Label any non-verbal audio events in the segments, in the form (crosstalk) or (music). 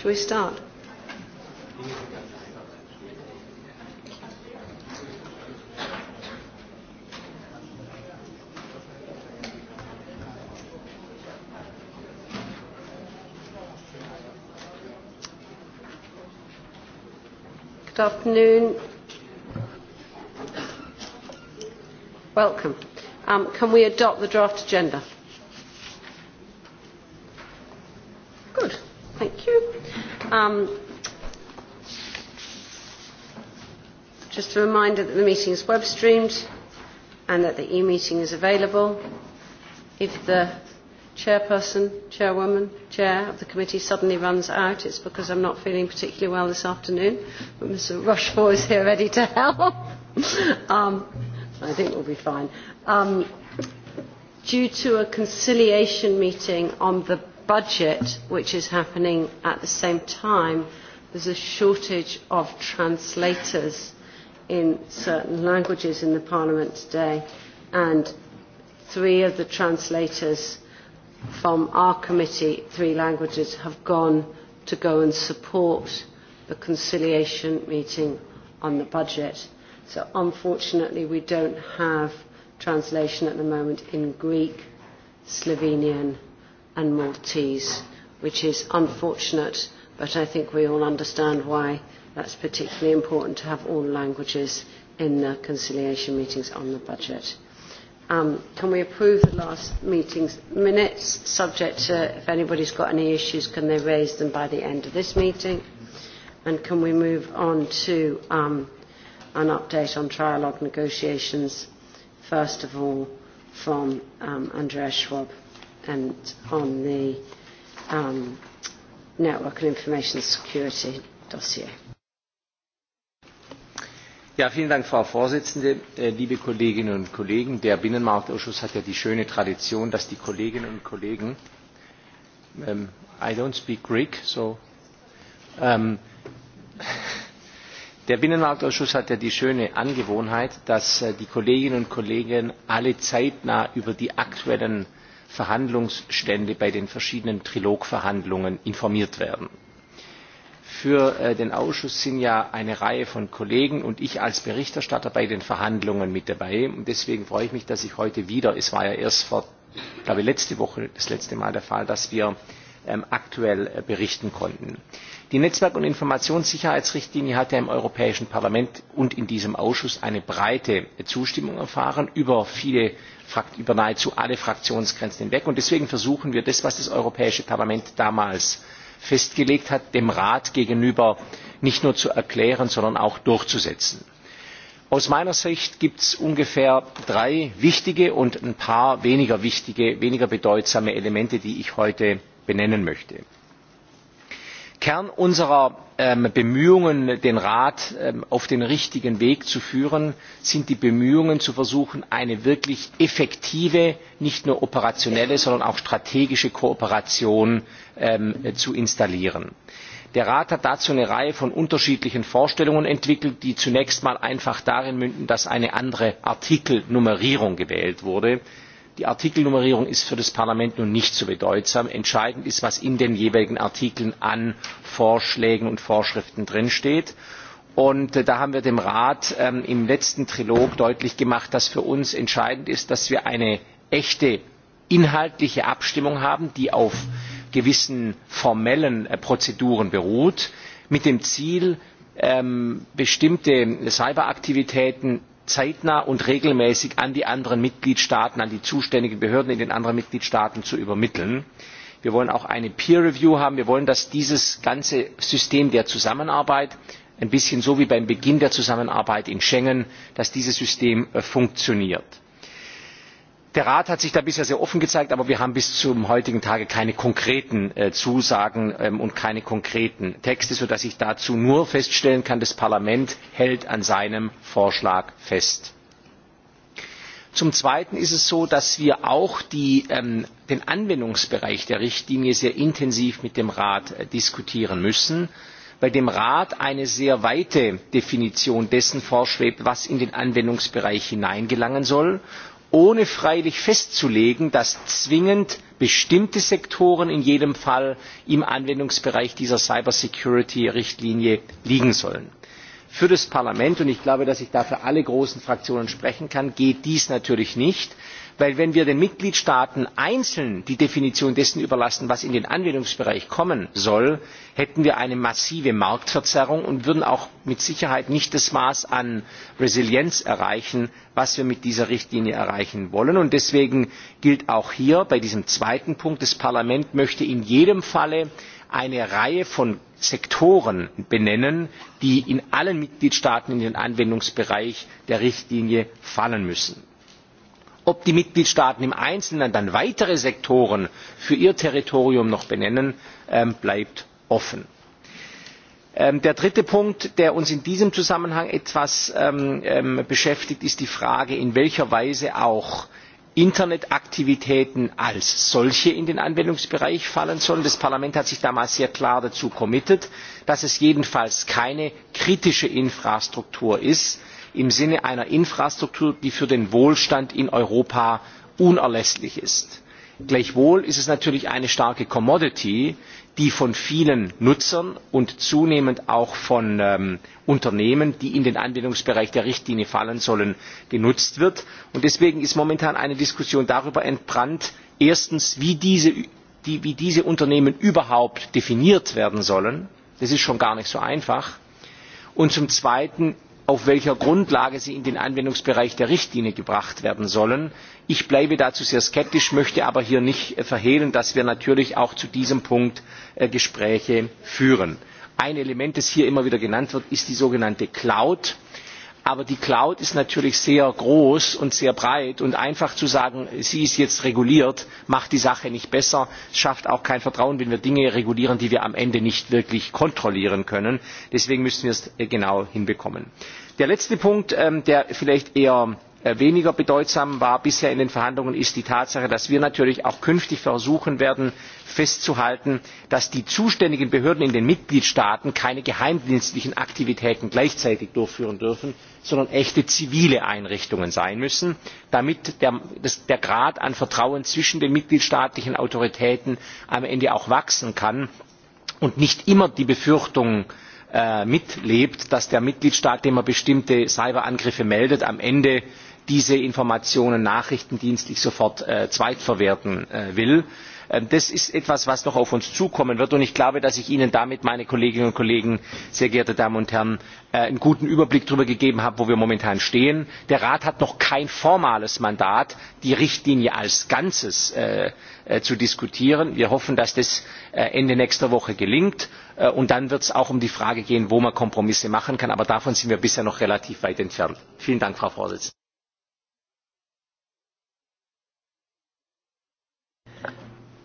Shall we start? Good afternoon. Welcome. Um, can we adopt the draft agenda? Um, just a reminder that the meeting is web streamed and that the e meeting is available. If the chairperson, chairwoman, chair of the committee suddenly runs out, it's because I'm not feeling particularly well this afternoon. But Mr. Rushmore is here ready to help. (laughs) um, I think we'll be fine. Um, due to a conciliation meeting on the budget which is happening at the same time there's a shortage of translators in certain languages in the parliament today and three of the translators from our committee three languages have gone to go and support the conciliation meeting on the budget so unfortunately we don't have translation at the moment in greek slovenian and Maltese, which is unfortunate, but I think we all understand why that's particularly important to have all languages in the conciliation meetings on the budget. Um, can we approve the last meeting's minutes, subject to if anybody's got any issues, can they raise them by the end of this meeting? And can we move on to um, an update on trialogue negotiations, first of all, from um, Andrea Schwab? and on the um, network and information security dossier. Ja, vielen Dank, Frau Vorsitzende, äh, liebe Kolleginnen und Kollegen. Der Binnenmarktausschuss hat ja die schöne Tradition, dass die Kolleginnen und Kollegen um, I don't speak Greek, so um, (laughs) der Binnenmarktausschuss hat ja die schöne Angewohnheit, dass äh, die Kolleginnen und Kollegen alle zeitnah über die aktuellen äh, verhandlungsstände bei den verschiedenen trilogverhandlungen informiert werden. für äh, den ausschuss sind ja eine reihe von kollegen und ich als berichterstatter bei den verhandlungen mit dabei und deswegen freue ich mich dass ich heute wieder es war ja erst vor, glaube letzte woche das letzte mal der fall dass wir ähm, aktuell äh, berichten konnten die netzwerk und informationssicherheitsrichtlinie hat ja im europäischen parlament und in diesem ausschuss eine breite zustimmung erfahren über nahezu alle fraktionsgrenzen hinweg. deswegen versuchen wir das was das europäische parlament damals festgelegt hat dem rat gegenüber nicht nur zu erklären sondern auch durchzusetzen. aus meiner sicht gibt es ungefähr drei wichtige und ein paar weniger wichtige weniger bedeutsame elemente die ich heute benennen möchte kern unserer ähm, bemühungen den rat ähm, auf den richtigen weg zu führen sind die bemühungen zu versuchen eine wirklich effektive nicht nur operationelle sondern auch strategische kooperation ähm, zu installieren. der rat hat dazu eine reihe von unterschiedlichen vorstellungen entwickelt die zunächst einmal einfach darin münden dass eine andere artikelnummerierung gewählt wurde die artikelnummerierung ist für das parlament nun nicht so bedeutsam. entscheidend ist was in den jeweiligen artikeln an vorschlägen und vorschriften drinsteht. Äh, da haben wir dem rat ähm, im letzten trilog deutlich gemacht dass für uns entscheidend ist dass wir eine echte inhaltliche abstimmung haben die auf gewissen formellen äh, prozeduren beruht mit dem ziel ähm, bestimmte cyberaktivitäten zeitnah und regelmäßig an die anderen Mitgliedstaaten, an die zuständigen Behörden in den anderen Mitgliedstaaten zu übermitteln. Wir wollen auch eine Peer Review haben. Wir wollen, dass dieses ganze System der Zusammenarbeit ein bisschen so wie beim Beginn der Zusammenarbeit in Schengen, dass dieses System äh, funktioniert der rat hat sich da bisher sehr offen gezeigt aber wir haben bis zum heutigen tage keine konkreten äh, zusagen ähm, und keine konkreten texte sodass ich dazu nur feststellen kann das parlament hält an seinem vorschlag fest. zum zweiten ist es so dass wir auch die, ähm, den anwendungsbereich der richtlinie sehr intensiv mit dem rat äh, diskutieren müssen weil dem rat eine sehr weite definition dessen vorschwebt was in den anwendungsbereich hineingelangen soll ohne freilich festzulegen dass zwingend bestimmte sektoren in jedem fall im anwendungsbereich dieser cybersicherheit richtlinie liegen sollen. für das parlament und ich glaube dass ich da für alle großen fraktionen sprechen kann geht dies natürlich nicht denn wenn wir den mitgliedstaaten einzeln die definition dessen überlassen was in den anwendungsbereich kommen soll hätten wir eine massive marktverzerrung und würden auch mit sicherheit nicht das maß an resilienz erreichen das wir mit dieser richtlinie erreichen wollen. deswegen gilt auch hier bei diesem zweiten punkt das parlament möchte in jedem falle eine reihe von sektoren benennen die in allen mitgliedstaaten in den anwendungsbereich der richtlinie fallen müssen ob die mitgliedstaaten im einzelnen dann weitere sektoren für ihr territorium noch benennen ähm, bleibt offen. Ähm, der dritte punkt der uns in diesem zusammenhang etwas ähm, beschäftigt ist die frage in welcher weise auch internetaktivitäten als solche in den anwendungsbereich fallen sollen. das parlament hat sich damals sehr klar dazu committed dass es jedenfalls keine kritische infrastruktur ist im Sinne einer Infrastruktur, die für den Wohlstand in Europa unerlässlich ist. Gleichwohl ist es natürlich eine starke Commodity, die von vielen Nutzern und zunehmend auch von ähm, Unternehmen, die in den Anwendungsbereich der Richtlinie fallen sollen, genutzt wird. Und deswegen ist momentan eine Diskussion darüber entbrannt, erstens, wie diese, die, wie diese Unternehmen überhaupt definiert werden sollen. Das ist schon gar nicht so einfach. Und zum Zweiten, auf welcher Grundlage sie in den Anwendungsbereich der Richtlinie gebracht werden sollen. Ich bleibe dazu sehr skeptisch, möchte aber hier nicht äh, verhehlen, dass wir natürlich auch zu diesem Punkt äh, Gespräche führen. Ein Element, das hier immer wieder genannt wird, ist die sogenannte Cloud aber die Cloud ist natürlich sehr groß und sehr breit und einfach zu sagen, sie ist jetzt reguliert, macht die Sache nicht besser, schafft auch kein Vertrauen, wenn wir Dinge regulieren, die wir am Ende nicht wirklich kontrollieren können. Deswegen müssen wir es äh, genau hinbekommen. Der letzte Punkt, ähm, der vielleicht eher äh, weniger bedeutsam war bisher in den Verhandlungen, ist die Tatsache, dass wir natürlich auch künftig versuchen werden, festzuhalten, dass die zuständigen Behörden in den Mitgliedstaaten keine geheimdienstlichen Aktivitäten gleichzeitig durchführen dürfen sondern echte zivile Einrichtungen sein müssen, damit der, das, der Grad an Vertrauen zwischen den mitgliedstaatlichen Autoritäten am Ende auch wachsen kann und nicht immer die Befürchtung äh, mitlebt, dass der Mitgliedstaat, dem er bestimmte Cyberangriffe meldet, am Ende diese Informationen nachrichtendienstlich sofort äh, zweitverwerten äh, will. Ähm, das ist etwas was noch auf uns zukommen wird und ich glaube dass ich ihnen damit meine kolleginnen und kollegen sehr geehrte damen und herren äh, einen guten überblick darüber gegeben habe wo wir momentan stehen. der rat hat noch kein formales mandat die richtlinie als ganzes äh, äh, zu diskutieren. wir hoffen dass das ende nächster woche gelingt und dann wird es auch um die frage gehen wo man kompromisse machen kann aber davon sind wir bisher noch relativ weit entfernt. vielen dank frau präsidentin!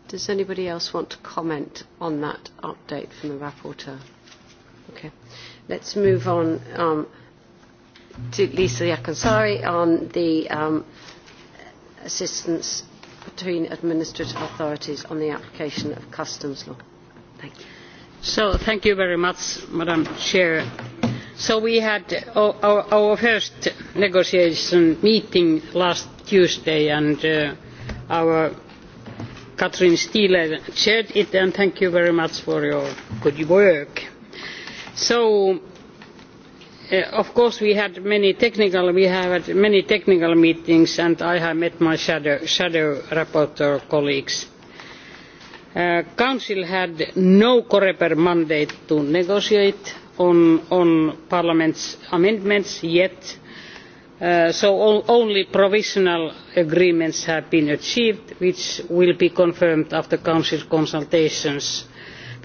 Does anybody else want to comment on that update from the rapporteur? Okay. Let's move on um, to Lisa Yakansari on the um, assistance between administrative authorities on the application of customs law. Thank you. So thank you very much, Madam Chair. So we had our, our, our first negotiation meeting last Tuesday, and uh, our Katrin Stiele chaired it, and thank you very much for your good work. So, uh, of course, we had many technical we have had many technical meetings, and I have met my shadow shadow rapporteur colleagues. Uh, Council had no Coreper mandate to negotiate on on Parliament's amendments yet. Uh, so only provisional agreements have been achieved which will be confirmed after council consultations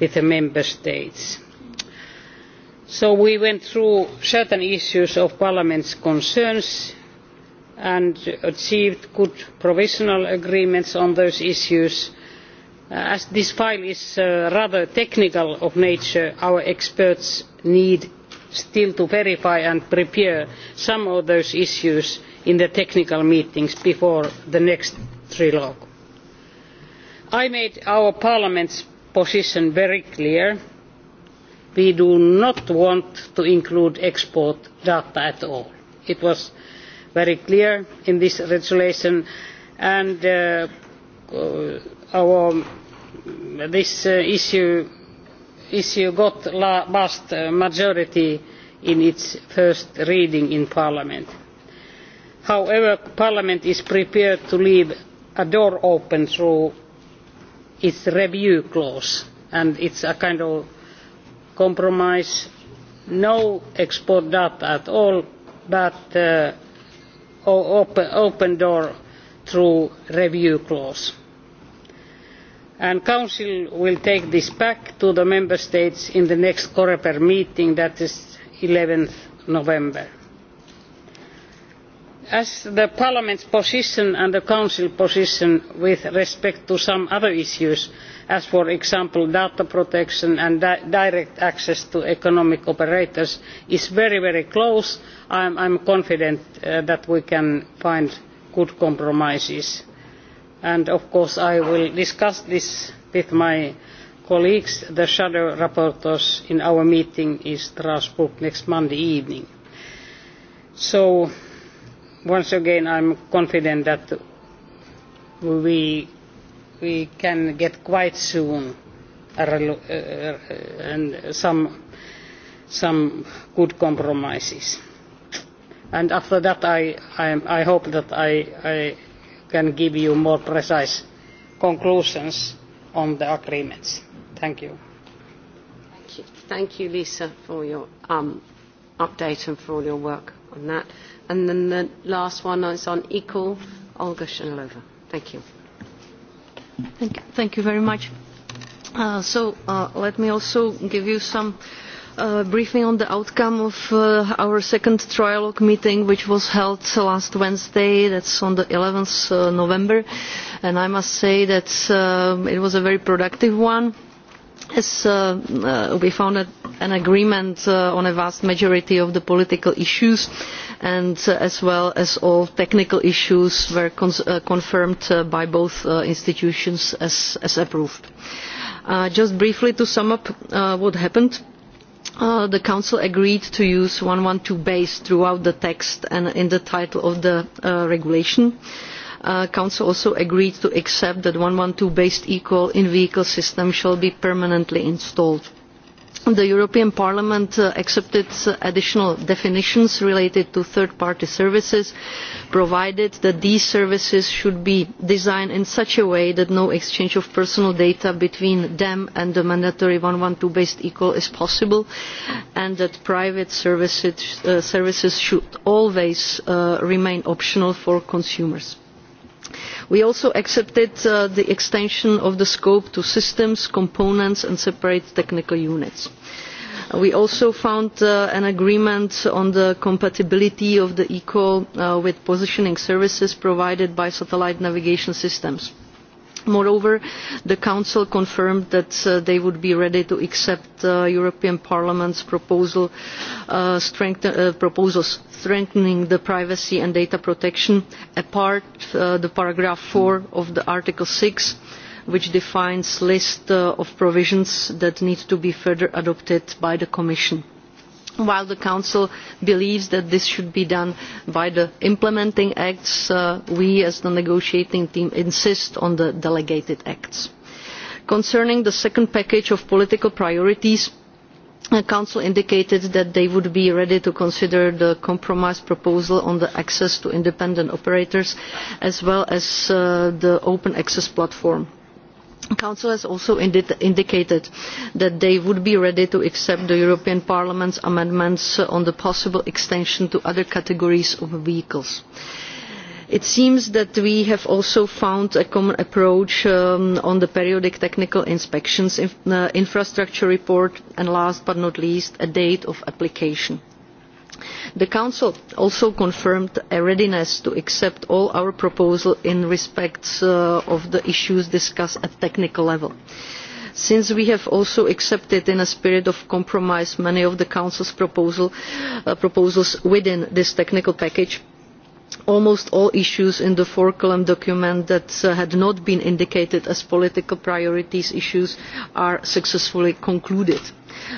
with the member states. So we went through certain issues of Parliament's concerns and achieved good provisional agreements on those issues. Uh, as this file is uh, rather technical of nature, our experts need still to verify and prepare some of those issues in the technical meetings before the next trilogue. I made our Parliament's position very clear. We do not want to include export data at all. It was very clear in this resolution and uh, uh our, this uh, issue issue got a vast uh, majority in its first reading in Parliament. However, Parliament is prepared to leave a door open through its review clause, and it's a kind of compromise. No export data at all, but uh, open, open door through review clause and the council will take this back to the member states in the next coreper meeting that is eleven november. as the parliament's position and the council position with respect to some other issues as for example data protection and di direct access to economic operators is very very close i am confident uh, that we can find good compromises and of course I will discuss this with my colleagues, the shadow rapporteurs, in our meeting in Strasbourg next Monday evening. So, once again, I'm confident that we, we can get quite soon a, uh, uh, and some, some good compromises. And after that, I, I, I hope that I, I can give you more precise conclusions on the agreements. Thank you. Thank you, Thank you Lisa, for your um, update and for all your work on that. And then the last one is on equal, Olga Shinalova. Thank you. Thank you. Thank you very much. Uh, so uh, let me also give you some uh, Uh, briefing on the outcome of uh, our second trialogue meeting, which was held last Wednesday, that's on the 11th uh, November, and I must say that uh, it was a very productive one. As uh, uh, we found a, an agreement uh, on a vast majority of the political issues, and uh, as well as all technical issues were cons- uh, confirmed uh, by both uh, institutions as, as approved. Uh, just briefly to sum up uh, what happened. Uh, Uh, the council agreed to use one hundred and twelve base throughout the text and in the title of the uh, regulation. the uh, council also agreed to accept that one hundred and twelve base equal in vehicle systems shall be permanently installed the european parliament uh, accepted uh, additional definitions related to third party services provided that these services should be designed in such a way that no exchange of personal data between them and the mandatory one hundred and twelve based ecall is possible and that private services uh, should always remain optional for consumers we also accepted uh, the extension of the scope to systems components and separate technical units. we also found uh, an agreement on the compatibility of the ecall uh, with positioning services provided by satellite navigation systems moreover the council confirmed that uh, they would be ready to accept the uh, european parliament's proposal uh, strength, uh, proposals strengthening the privacy and data protection apart uh, the paragraph 4 of the article 6 which defines list uh, of provisions that need to be further adopted by the commission while the council believes that this should be done by the implementing acts uh, we as the negotiating team insist on the delegated acts. concerning the second package of political priorities the uh, council indicated that they would be ready to consider the compromise proposal on access to independent operators as well as uh, the open access platform council has also indicated that they would be ready to accept the european parliament's amendments on the possible extension to other categories of vehicles. it seems that we have also found a common approach um, on the periodic technical inspections in the uh, infrastructure report and last but not least a date of application the council also confirmed a readiness to accept all our proposals in respect uh, of the issues discussed at technical level. since we have also accepted in a spirit of compromise many of the council's uh, proposals within this technical package almost all issues in the four column document that uh, had not been indicated as political priority issues are successfully concluded.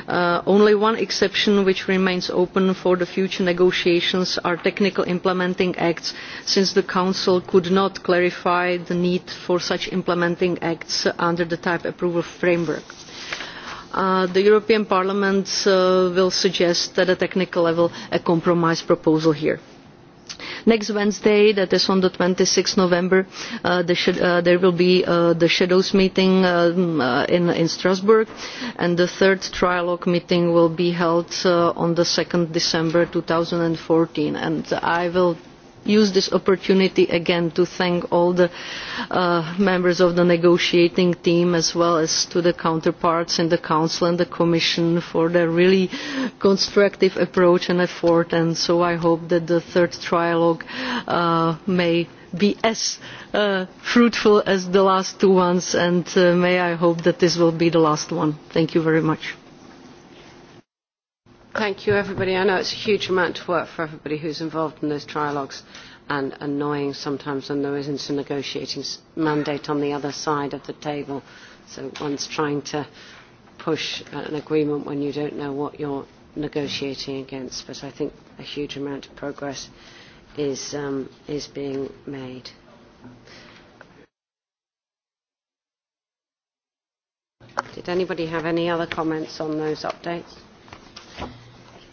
Uh, only one exception which remains open for the future negotiations are technical implementing acts since the council could not clarify the need for such implementing acts under the type approval framework. Uh, the european parliament uh, will suggest at a technical level a compromise proposal here next wednesday that is on the 26th november uh, the sh- uh, there will be uh, the shadows meeting um, uh, in in strasbourg and the third trilogue meeting will be held uh, on the 2nd december 2014 and i will use this opportunity again to thank all the uh, members of the negotiating team as well as to the counterparts in the Council and the Commission for their really constructive approach and effort and so I hope that the third trialogue uh, may be as uh, fruitful as the last two ones and uh, may I hope that this will be the last one. Thank you very much. Thank you, everybody. I know it's a huge amount of work for everybody who's involved in those trialogues and annoying sometimes when there isn't a negotiating mandate on the other side of the table. So one's trying to push an agreement when you don't know what you're negotiating against. But I think a huge amount of progress is, um, is being made. Did anybody have any other comments on those updates?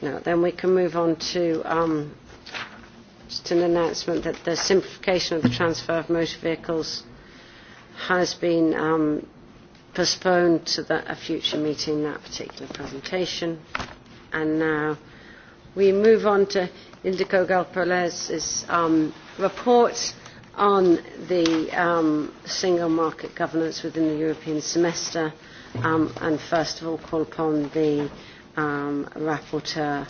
No, then we can move on to um, just an announcement that the simplification of the transfer of motor vehicles has been um, postponed to the, a future meeting, that particular presentation. And now we move on to Indico Galperlez's um, report on the um, single market governance within the European semester um, and first of all call upon the um, rapporteur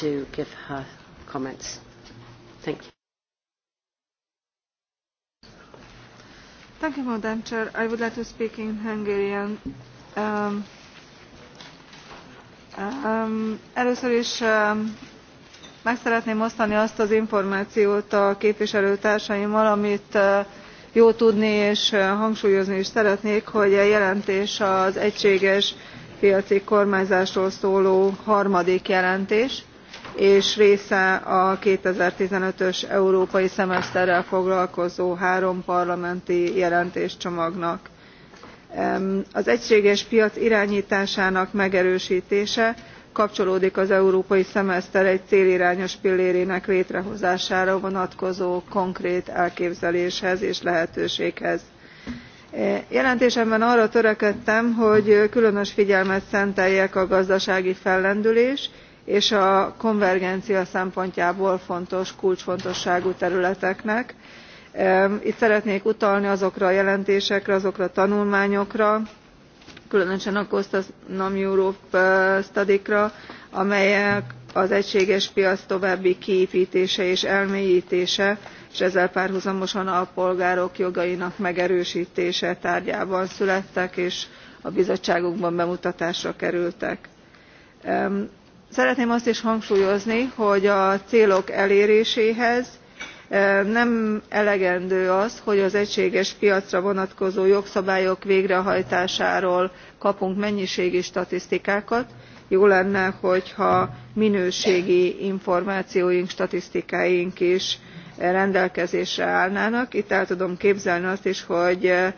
to give her comments. Thank you. Thank you, Madam Chair. I would like to speak in Hungarian. Um, um, először is um, meg szeretném osztani azt az információt a képviselőtársaimmal, amit uh, jó tudni és uh, hangsúlyozni is szeretnék, hogy a jelentés az egységes uh, félcikk kormányzásról szóló harmadik jelentés és része a two thousand and fifteen ös európai szemeszterrel foglalkozó három parlamenti jelentéscsomagnak. az egységes piac iránytásának megerőstése kapcsolódik az európai szemeszter egy célirányos pillérének létrehozására vonatkozó konkrét elképzeléshez és lehetőséghez. E, jelentésemben arra törekedtem hogy különös figyelmet szenteljek a gazdasági fellendülés és a konvergencia szempontjából fontos kulcsfontosságú területeknek. E, itt szeretnék utalni azokra a jelentésekre azokra a tanulmányokra különösen a costa non europe e, study kra amelyek az egységes piac további kiéptése és elmélytése és ezzel párhuzamosan a polgárok jogainak megerőstése tárgyában születtek és a bizottságunkban bemutatásra kerültek. szeretném azt is hangsúlyozni hogy a célok eléréséhez nem elegendő az hogy az egységes piacra vonatkozó jogszabályok végrehajtásáról kapunk mennyiségi statisztikákat jó lenne hogyha minőségi információink statisztikáink is rendelkezésre állnának itt el tudom képzelni azt is hogy eh,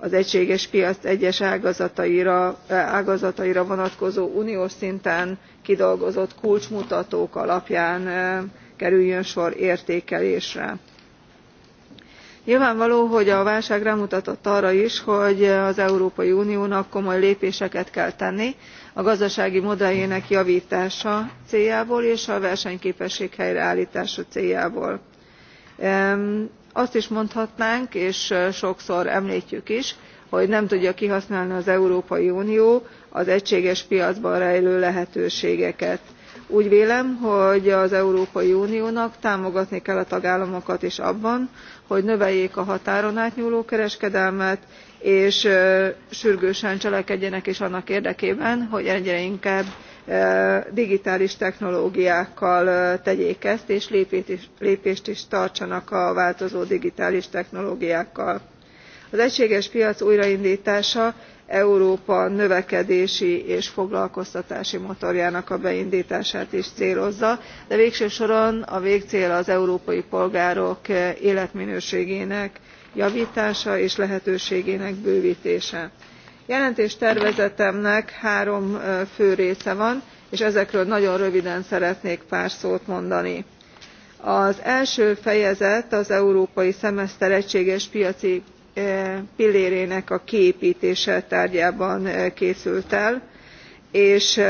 az egységes piac egyes eh, ágazataira vonatkozó uniós szinten kidolgozott kulcsmutatók alapján eh, kerüljön sor értékelésre. nyilvánvaló hogy a válság rámutatott arra is hogy az európai uniónak komoly lépéseket kell tenni a gazdasági modelljének javtása céljából és a versenyképesség helyreálltása céljából azt is mondhatnánk és sokszor emltjük is hogy nem tudja kihasználni az európai unió az egységes piacban rejlő lehetőségeket. úgy vélem hogy az európai uniónak támogatni kell a tagállamokat is abban hogy növeljék a határon átnyúló kereskedelmet és sürgősen cselekedjenek is annak érdekében hogy egyre inkább digitális technológiákkal tegyék ezt és lépést is tartsanak a változó digitális technológiákkal. az egységes piac újraindtása európa növekedési és foglalkoztatási motorjának a beindtását is célozza de végső soron a végcél az európai polgárok életminőségének javtása és lehetőségének bővtése jelentéstervezetemnek három fő része van és ezekről nagyon röviden szeretnék pár szót mondani. az első fejezet az európai szemeszter egységes piaci pillérének a kiéptése tárgyában készült el és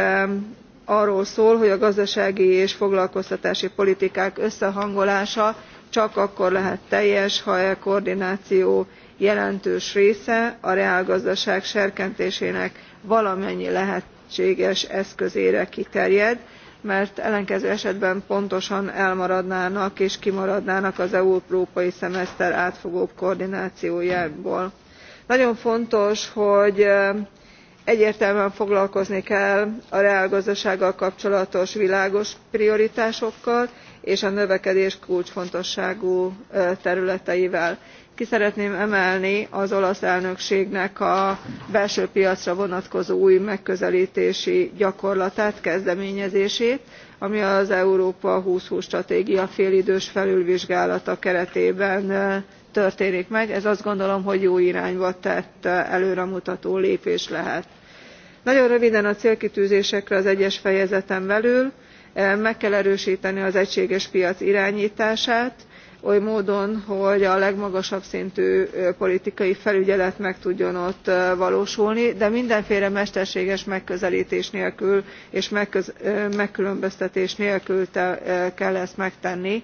arról szól hogy a gazdasági és foglalkoztatási politikák összehangolása csak akkor lehet teljes ha e koordináció jelentős része a reálgazdaság serkentésének valamennyi lehetséges eszközére kiterjed mert ellenkező esetben pontosan elmaradnának és kimaradnának az európai szemeszter átfogóbb koordinációjából. nagyon fontos hogy egyértelműen foglalkozni kell a reálgazdasággal kapcsolatos világos prioritásokkal és a növekedés kulcsfontosságú területeivel ki szeretném emelni az olasz elnökségnek a belső piacra vonatkozó új megközeltési gyakorlatát kezdeményezését ami az európa two thousand and twenty stratégia félidős felülvizsgálata keretében történik meg. ez azt gondolom hogy jó irányba tett előremutató lépés lehet. nagyon röviden a célkitűzésekre az egyes fejezeten belül meg kell erősteni az egységes piac iránytását oly módon hogy a legmagasabb szintű politikai felügyelet meg tudjon ott valósulni de mindenféle mesterséges megközeltés nélkül és megkülönböztetés nélkül kell ezt megtenni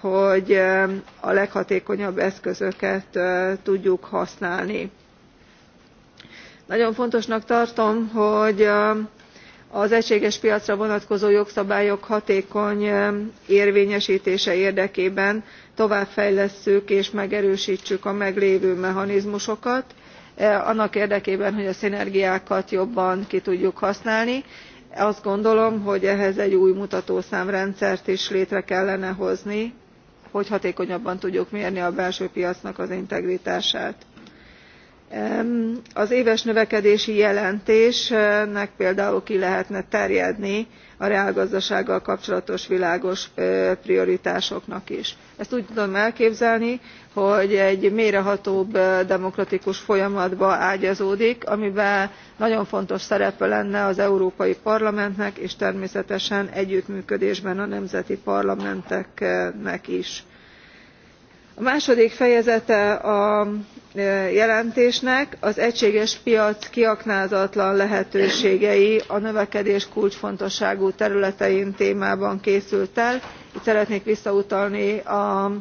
hogy a leghatékonyabb eszközöket tudjuk használni. nagyon fontosnak tartom hogy az egységes piacra vonatkozó jogszabályok hatékony érvényestése érdekében továbbfejlesszük és megerőstsük a meglévő mechanizmusokat annak érdekében hogy a szinergiákat jobban ki tudjuk használni. azt gondolom hogy ehhez egy új mutatószámrendszert is létre kellene hozni hogy hatékonyabban tudjuk mérni a belső piacnak az integritását az éves növekedési jelentésnek például ki lehetne terjedni a reálgazdasággal kapcsolatos világos prioritásoknak is. ezt úgy tudom elképzelni hogy egy mélyrehatóbb demokratikus folyamatba ágyazódik amiben nagyon fontos szerepe lenne az európai parlamentnek és természetesen együttműködésben a nemzeti parlamenteknek is. a második fejezete a jelentésnek az egységes piac kiaknázatlan lehetőségei a növekedés kulcsfontosságú területein témában készült el. itt szeretnék visszautalni a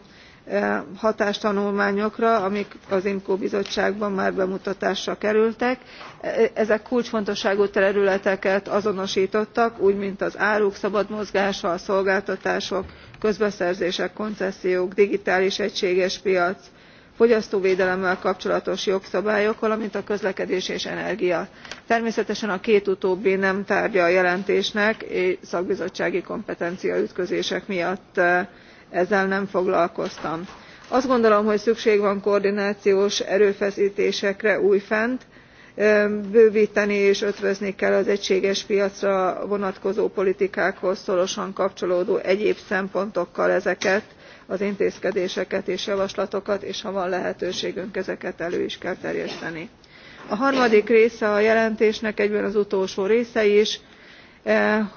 hatástanulmányokra amik az imco bizottságban már bemutatásra kerültek. ezek kulcsfontosságú területeket azonostottak úgy mint az áruk szabad mozgása a szolgáltatások közbeszerzések koncesziók digitális egységes piac fogyasztóvédelemmel kapcsolatos jogszabályok valamint a közlekedés és energia. természetesen a két utóbbi nem tárgya a jelentésnek szakbizottsági kompetenciaütközések miatt eh, ezzel nem foglalkoztam. azt gondolom hogy szükség van koordinációs erőfesztésekre újfent eh, bővteni és ötvözni kell az egységes piacra vonatkozó politikákhoz szorosan kapcsolódó egyéb szempontokkal ezeket az intézkedéseket és javaslatokat és ha van lehetőségünk ezeket elő is kell terjeszteni. a harmadik része a jelentésnek egyben az utolsó része is amely eh,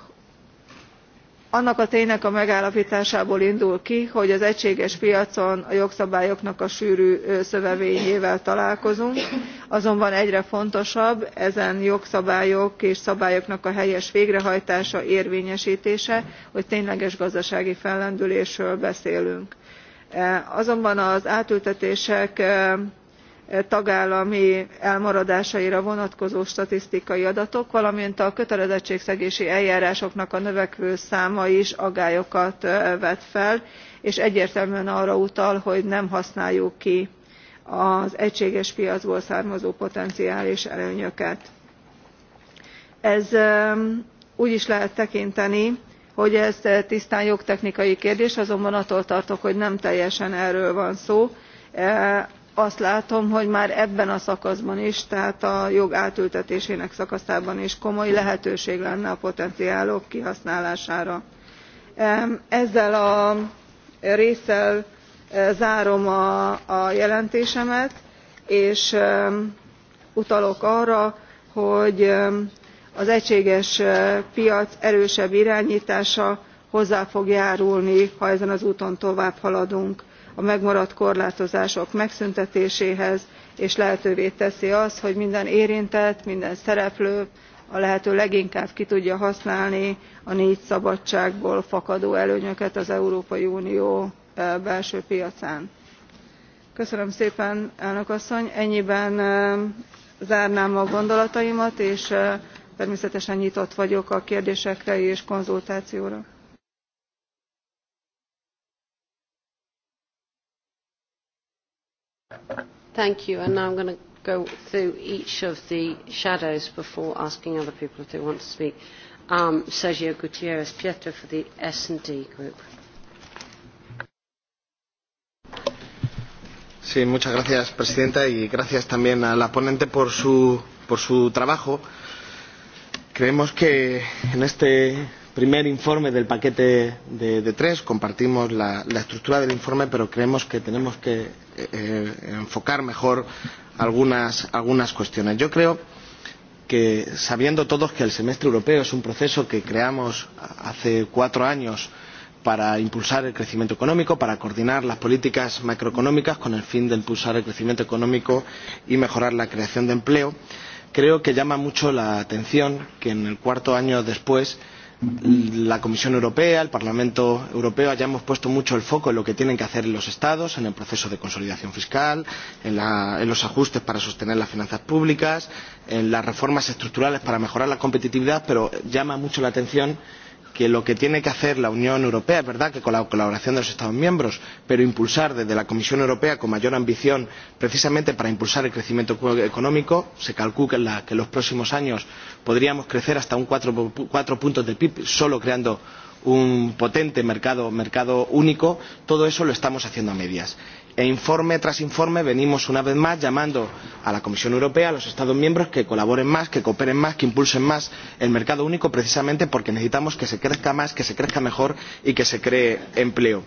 annak a ténynek a megállaptásából indul ki hogy az egységes piacon a jogszabályoknak a sűrű szövevényével találkozunk azonban egyre fontosabb ezen jogszabályok és szabályoknak a helyes végrehajtása érvényestése hogy tényleges gazdasági fellendülésről beszélünk. E, azonban az átültetések tagállami elmaradásaira vonatkozó statisztikai adatok valamint a kötelezettségszegési eljárások növekvő száma is aggályokat vet fel és egyértelműen arra utal hogy nem használjuk ki az egységes piacból származó potenciális előnyöket. ezt úgy is lehet tekinteni hogy ez tisztán jogtechnikai kérdés azonban attól tartok hogy nem teljesen erről van szó azt látom hogy már ebben a szakaszban is tehát a jog átültetésének szakaszában is komoly lehetőség lenne a potenciálok kihasználására. ezzel a résszel eh, zárom a jelentésemet és utalok arra hogy az egységes eh, piac erősebb iránytása hozzá fog járulni ha ezen az úton továbbhaladunk a megmaradt korlátozások megszüntetéséhez és lehetővé teszi azt hogy minden érintett minden szereplő a lehető leginkább ki tudja használni a négy szabadságból fakadó előnyöket az európai unió eh, belső piacán. köszönöm szépen elnök asszony ennyiben eh, zárnám a gondolataimat és eh, természetesen nyitott vagyok a kérdésekre és konzultációra. thank you and now i'm going to go through each of the shadows before asking other people if they want to speak um, sergio gutierrez pietro for the s&d group Sí, muchas gracias, Presidenta, y gracias también a la ponente por su, por su trabajo. Creemos que en este primer informe del paquete de, de tres. Compartimos la, la estructura del informe, pero creemos que tenemos que eh, eh, enfocar mejor algunas, algunas cuestiones. Yo creo que, sabiendo todos que el semestre europeo es un proceso que creamos hace cuatro años para impulsar el crecimiento económico, para coordinar las políticas macroeconómicas con el fin de impulsar el crecimiento económico y mejorar la creación de empleo, creo que llama mucho la atención que en el cuarto año después eh, la comisión europea el parlamento europeo hayamos puesto mucho el foco en lo que tienen que hacer los estados en el proceso de consolidación fiscal en, la, en los ajustes para sostener las finanzas públicas en las reformas estructurales para mejorar la competitividad pero llama mucho la atención que lo que tiene que hacer la unión europea es verdad que con la colaboración de los estados miembros pero impulsar desde la comisión europea con mayor ambición precisamente para impulsar el crecimiento económico se calcula que en los próximos años podríamos crecer hasta cuatro puntos del pib solo creando un potente mercado único todo eso lo estamos haciendo a medias e informe tras informe venimos una vez más llamando a la comisión europea a los estados miembros a que colaboren más que cooperen más que impulsen más el mercado único precisamente porque necesitamos que se crezca más que se crezca mejor y que se cree empleo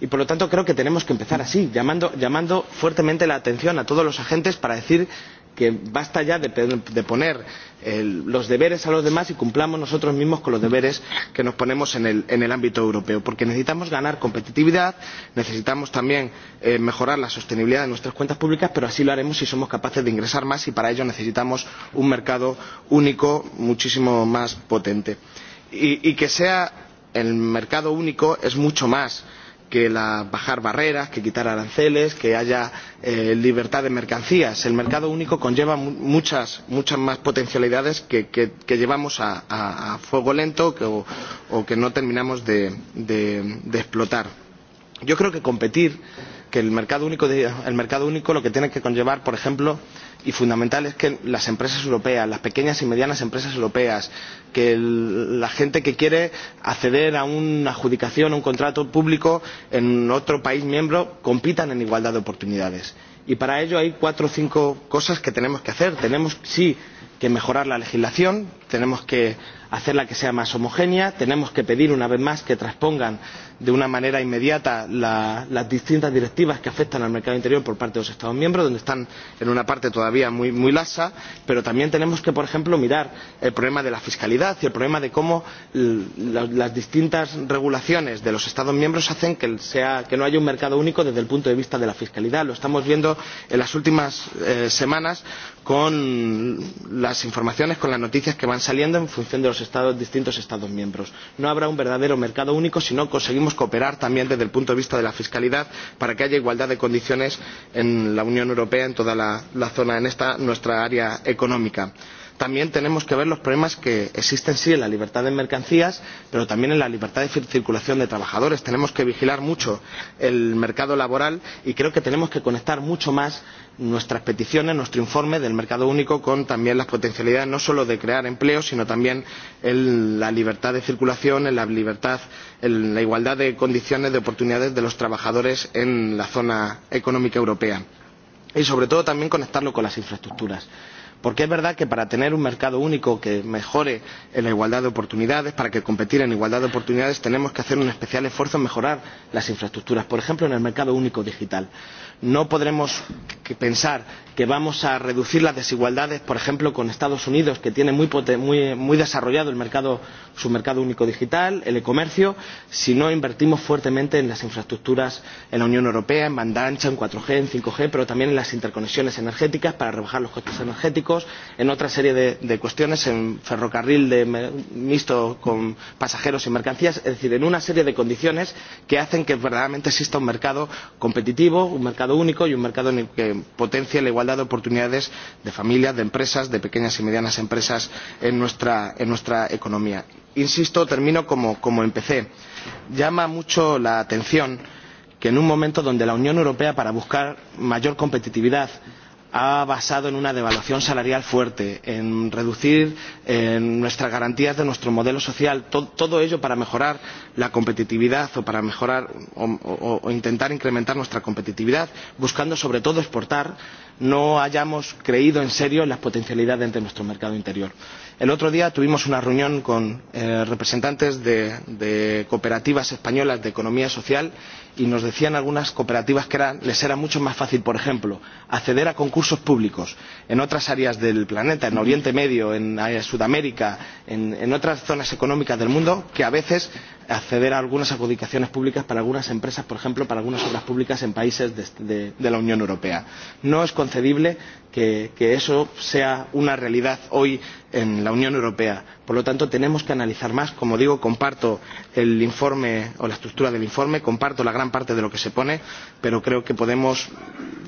y por lo tanto creo que tenemos que empezar así llamando fuertemente la atención a todos los agentes para decir que basta ya de poner los deberes a los demás y cumplamos nosotros mismos con los deberes que nos ponemos en el ámbito europeo porque necesitamos ganar competitividad necesitamos también eh, mejorar la sostenibilidad de nuestras cuentas públicas pero así lo haremos si somos capaces de ingresar más y para ello necesitamos un mercado único muchísimo más potente y, y que sea el mercado único es mucho más que la, bajar barreras, que quitar aranceles, que haya eh, libertad de mercancías. El mercado único conlleva muchas, muchas más potencialidades que, que, que llevamos a, a, a fuego lento que, o, o que no terminamos de, de, de explotar. Yo creo que competir que el mercado único lo que tiene que conllevar por ejemplo y fundamental es que las empresas europeas las pequeñas y medianas empresas europeas que el, la gente que quiere acceder a una adjudicación a un contrato público en otro país miembro compitan en igualdad de oportunidades y para ello hay cuatro o cinco cosas que tenemos que hacer tenemos sí que mejorar la legislación tenemos que hacerla que sea más homogénea tenemos que pedir una vez más que transpongan de una manera inmediata la, las distintas directivas que afectan al mercado interior por parte de los Estados miembros, donde están en una parte todavía muy, muy lasa, pero también tenemos que, por ejemplo, mirar el problema de la fiscalidad y el problema de cómo las distintas regulaciones de los Estados miembros hacen que, sea, que no haya un mercado único desde el punto de vista de la fiscalidad. Lo estamos viendo en las últimas eh, semanas con las informaciones, con las noticias que van irán saliendo en función de los estados, distintos Estados miembros. No habrá un verdadero mercado único si no conseguimos cooperar también desde el punto de vista de la fiscalidad para que haya igualdad de condiciones en la Unión Europea, en toda la, la zona, en esta nuestra área económica también tenemos que ver los problemas que existen sí en la libertad de mercancías pero también en la libertad de circulación de trabajadores. tenemos que vigilar mucho el mercado laboral y creo que tenemos que conectar mucho más nuestras peticiones nuestro informe del mercado único con también las potencialidades no solo de crear empleo sino también en la libertad de circulación en la libertad en la igualdad de condiciones de oportunidades de los trabajadores en la zona económica europea y sobre todo también conectarlo con las infraestructuras porque es verdad que para tener un mercado único que mejore la igualdad de oportunidades para que competir en igualdad de oportunidades tenemos que hacer un especial esfuerzo en mejorar las infraestructuras por ejemplo en el mercado único digital no podremos pensar que vamos a reducir las desigualdades por ejemplo con Estados Unidos que tiene muy, muy, muy desarrollado el mercado, su mercado único digital el e-comercio si no invertimos fuertemente en las infraestructuras en la Unión Europea en banda ancha, en 4G, en 5G pero también en las interconexiones energéticas para rebajar los costes energéticos públicos en otra serie de, de cuestiones, en ferrocarril de, mixto con pasajeros y mercancías, es decir, en una serie de condiciones que hacen que verdaderamente exista un mercado competitivo, un mercado único y un mercado en el que potencie la igualdad de oportunidades de familias, de empresas, de pequeñas y medianas empresas en nuestra, en nuestra economía. Insisto, termino como, como empecé. Llama mucho la atención que en un momento donde la Unión Europea, para buscar mayor competitividad, ha basado en una devaluación salarial fuerte en reducir en nuestras garantías de nuestro modelo social todo, todo ello para mejorar la competitividad o para mejorar o, o, o intentar incrementar nuestra competitividad buscando sobre todo exportar no hayamos creído en serio en las potencialidades de nuestro mercado interior. el otro día tuvimos una reunión con eh, representantes de cooperativas españolas de economía social y nos decían algunas cooperativas que les era mucho más fácil por ejemplo acceder a concursos públicos en otras áreas del planeta en oriente medio en eh, sudamérica en otras zonas económicas del mundo que a veces acceder a algunas adjudicaciones públicas para algunas empresas por ejemplo para algunas obras públicas en países de la unión europea. no es terrible que eso sea una realidad hoy en la unión europea. por lo tanto tenemos que analizar más. como digo comparto la estructura del informe comparto gran parte de lo que se pone pero creo que podemos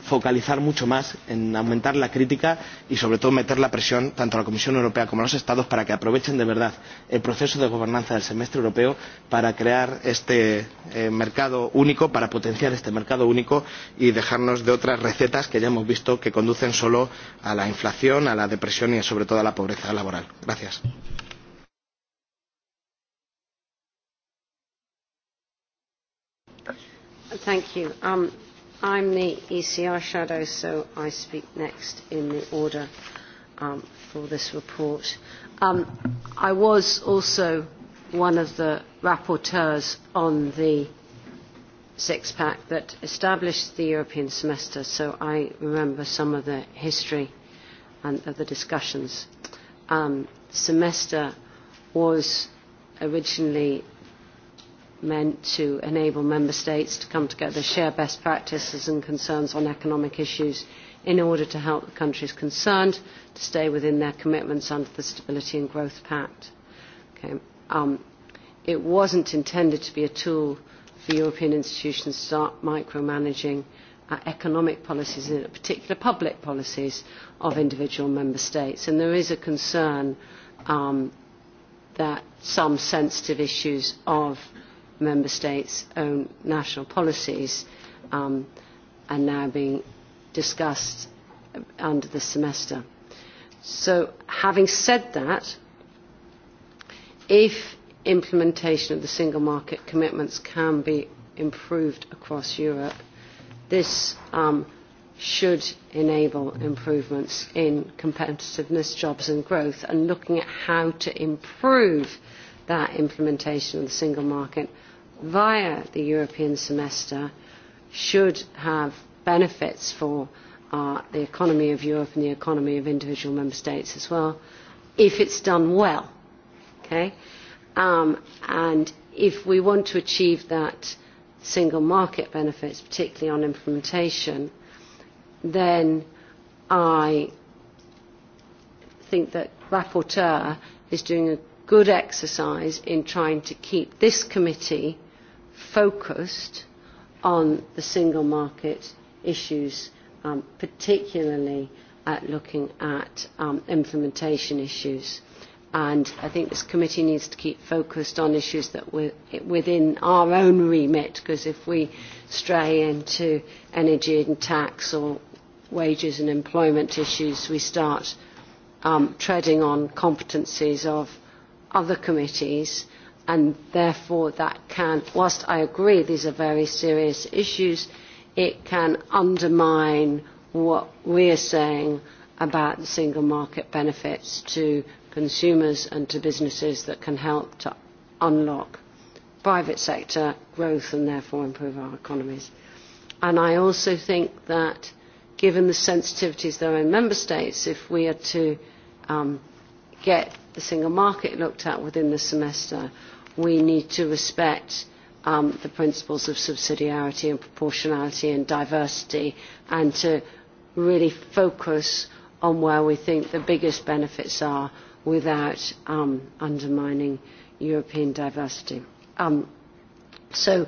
focalizar mucho más en aumentar la crítica y sobre todo meter la presión tanto a la comisión europea como a los estados para que aprovechen de verdad el proceso de gobernanza del semestre europeo para crear este eh, mercado único para potenciar este mercado único y dejarnos de otras recetas que ya hemos visto que conducen solo paro a la inflación a la depresión y sobre todo a la pobreza laboral gracias thank you um, I'm the ECR shadow so I speak next in the order um, for this report um, I was also one of the rapporteurs on the six pack that established the European semester, so I remember some of the history and of the discussions. Um, the semester was originally meant to enable member states to come together, share best practices and concerns on economic issues in order to help the countries concerned to stay within their commitments under the Stability and Growth Pact. Okay. Um, it wasn't intended to be a tool the European institutions start micromanaging uh, economic policies, in particular public policies of individual member states. And there is a concern um, that some sensitive issues of member states' own national policies um, are now being discussed uh, under the semester. So having said that, if implementation of the single market commitments can be improved across Europe. This um, should enable improvements in competitiveness, jobs and growth, and looking at how to improve that implementation of the single market via the European semester should have benefits for uh, the economy of Europe and the economy of individual member states as well, if it's done well. Okay? Um, and if we want to achieve that single market benefits, particularly on implementation, then I think that rapporteur is doing a good exercise in trying to keep this committee focused on the single market issues, um, particularly at looking at um, implementation issues and I think this committee needs to keep focused on issues that were within our own remit because if we stray into energy and tax or wages and employment issues we start um, treading on competencies of other committees and therefore that can, whilst I agree these are very serious issues, it can undermine what we are saying about the single market benefits to consumers and to businesses that can help to unlock private sector growth and therefore improve our economies. And I also think that given the sensitivities there are in member states, if we are to um, get the single market looked at within the semester, we need to respect um, the principles of subsidiarity and proportionality and diversity and to really focus on where we think the biggest benefits are without um, undermining European diversity. Um, so,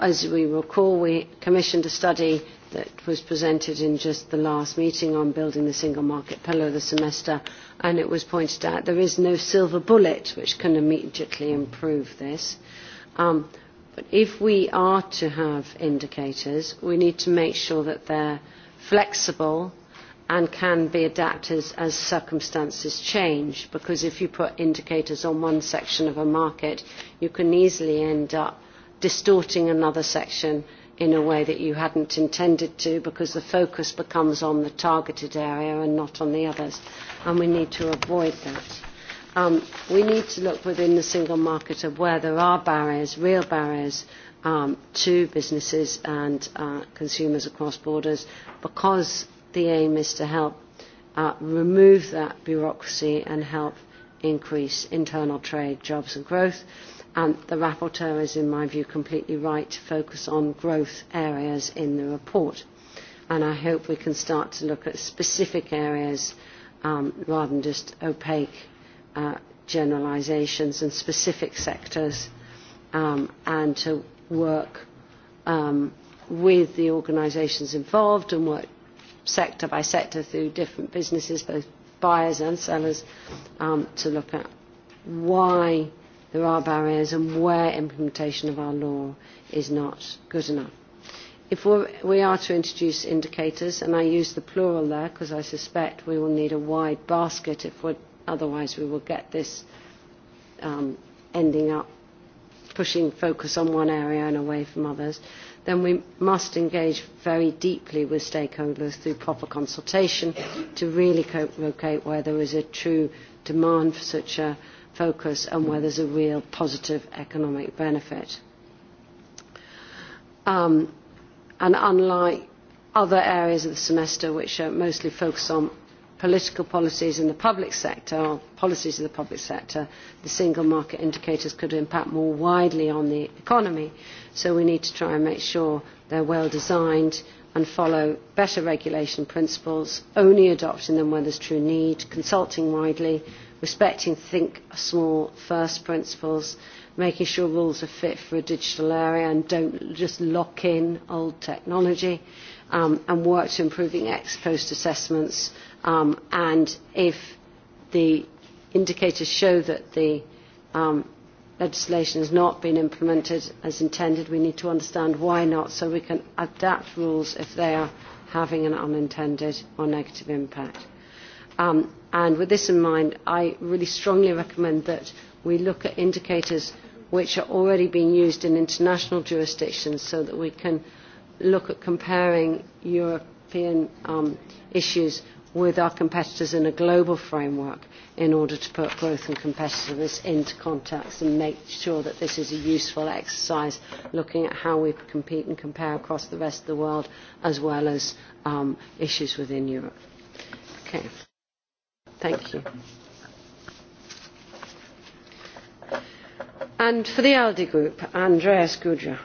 as we recall, we commissioned a study that was presented in just the last meeting on building the single market pillar of the semester, and it was pointed out there is no silver bullet which can immediately improve this. Um, but if we are to have indicators, we need to make sure that they're flexible and can be adapted as circumstances change because if you put indicators on one section of a market you can easily end up distorting another section in a way that you hadn't intended to because the focus becomes on the targeted area and not on the others and we need to avoid that. Um, we need to look within the single market of where there are barriers, real barriers um, to businesses and uh, consumers across borders because the aim is to help uh, remove that bureaucracy and help increase internal trade, jobs and growth. And the rapporteur is, in my view, completely right to focus on growth areas in the report. And I hope we can start to look at specific areas um, rather than just opaque uh, generalizations and specific sectors um, and to work um, with the organizations involved and work sector by sector through different businesses, both buyers and sellers, um, to look at why there are barriers and where implementation of our law is not good enough. If we're, we are to introduce indicators, and I use the plural there because I suspect we will need a wide basket if we're, otherwise we will get this um, ending up pushing focus on one area and away from others then we must engage very deeply with stakeholders through proper consultation to really locate where there is a true demand for such a focus and where there's a real positive economic benefit. Um, and unlike other areas of the semester which are mostly focused on political policies in the public sector or policies in the public sector the single market indicators could impact more widely on the economy so we need to try and make sure they're well designed and follow better regulation principles only adopting them when there's true need consulting widely respecting think small first principles making sure rules are fit for a digital area and don't just lock in old technology um, and work to improving ex-post assessments. Um, and if the indicators show that the um, legislation has not been implemented as intended, we need to understand why not so we can adapt rules if they are having an unintended or negative impact. Um, and with this in mind, I really strongly recommend that we look at indicators which are already being used in international jurisdictions so that we can look at comparing European um, issues with our competitors in a global framework in order to put growth and competitiveness into context and make sure that this is a useful exercise looking at how we compete and compare across the rest of the world as well as um, issues within Europe. Okay. Thank you. And for the ALDE group, Andreas Gudra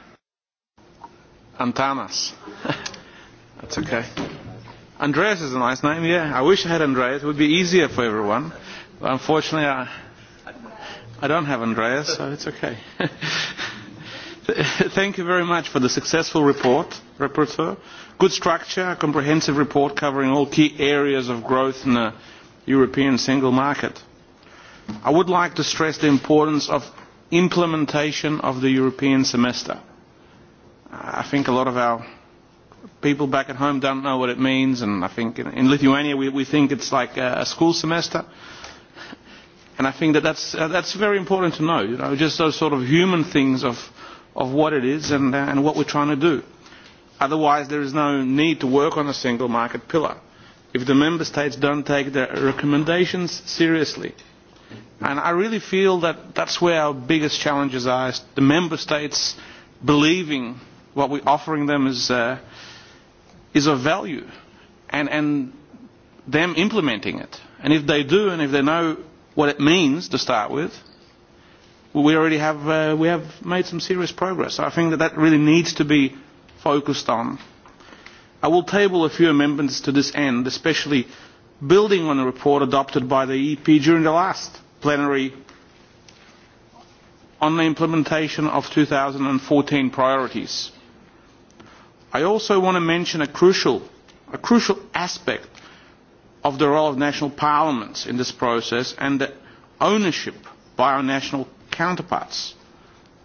antanas (laughs) that's ok andreas is a nice name yeah i wish i had andreas it would be easier for everyone but unfortunately i don't have andreas so it's ok (laughs) thank you very much for the successful report rapporteur good structure a comprehensive report covering all key areas of growth in the european single market i would like to stress the importance of implementation of the european semester I think a lot of our people back at home don't know what it means. And I think in, in Lithuania we, we think it's like a, a school semester. And I think that that's, uh, that's very important to know, you know, just those sort of human things of, of what it is and, uh, and what we're trying to do. Otherwise, there is no need to work on a single market pillar if the member states don't take their recommendations seriously. And I really feel that that's where our biggest challenges are, is the member states believing what we're offering them is uh, is of value, and and them implementing it. And if they do, and if they know what it means to start with, we already have uh, we have made some serious progress. So I think that that really needs to be focused on. I will table a few amendments to this end, especially building on the report adopted by the EP during the last plenary on the implementation of 2014 priorities i also want to mention a crucial aspect of the role of national parliaments in this process and the ownership by our national counterparts.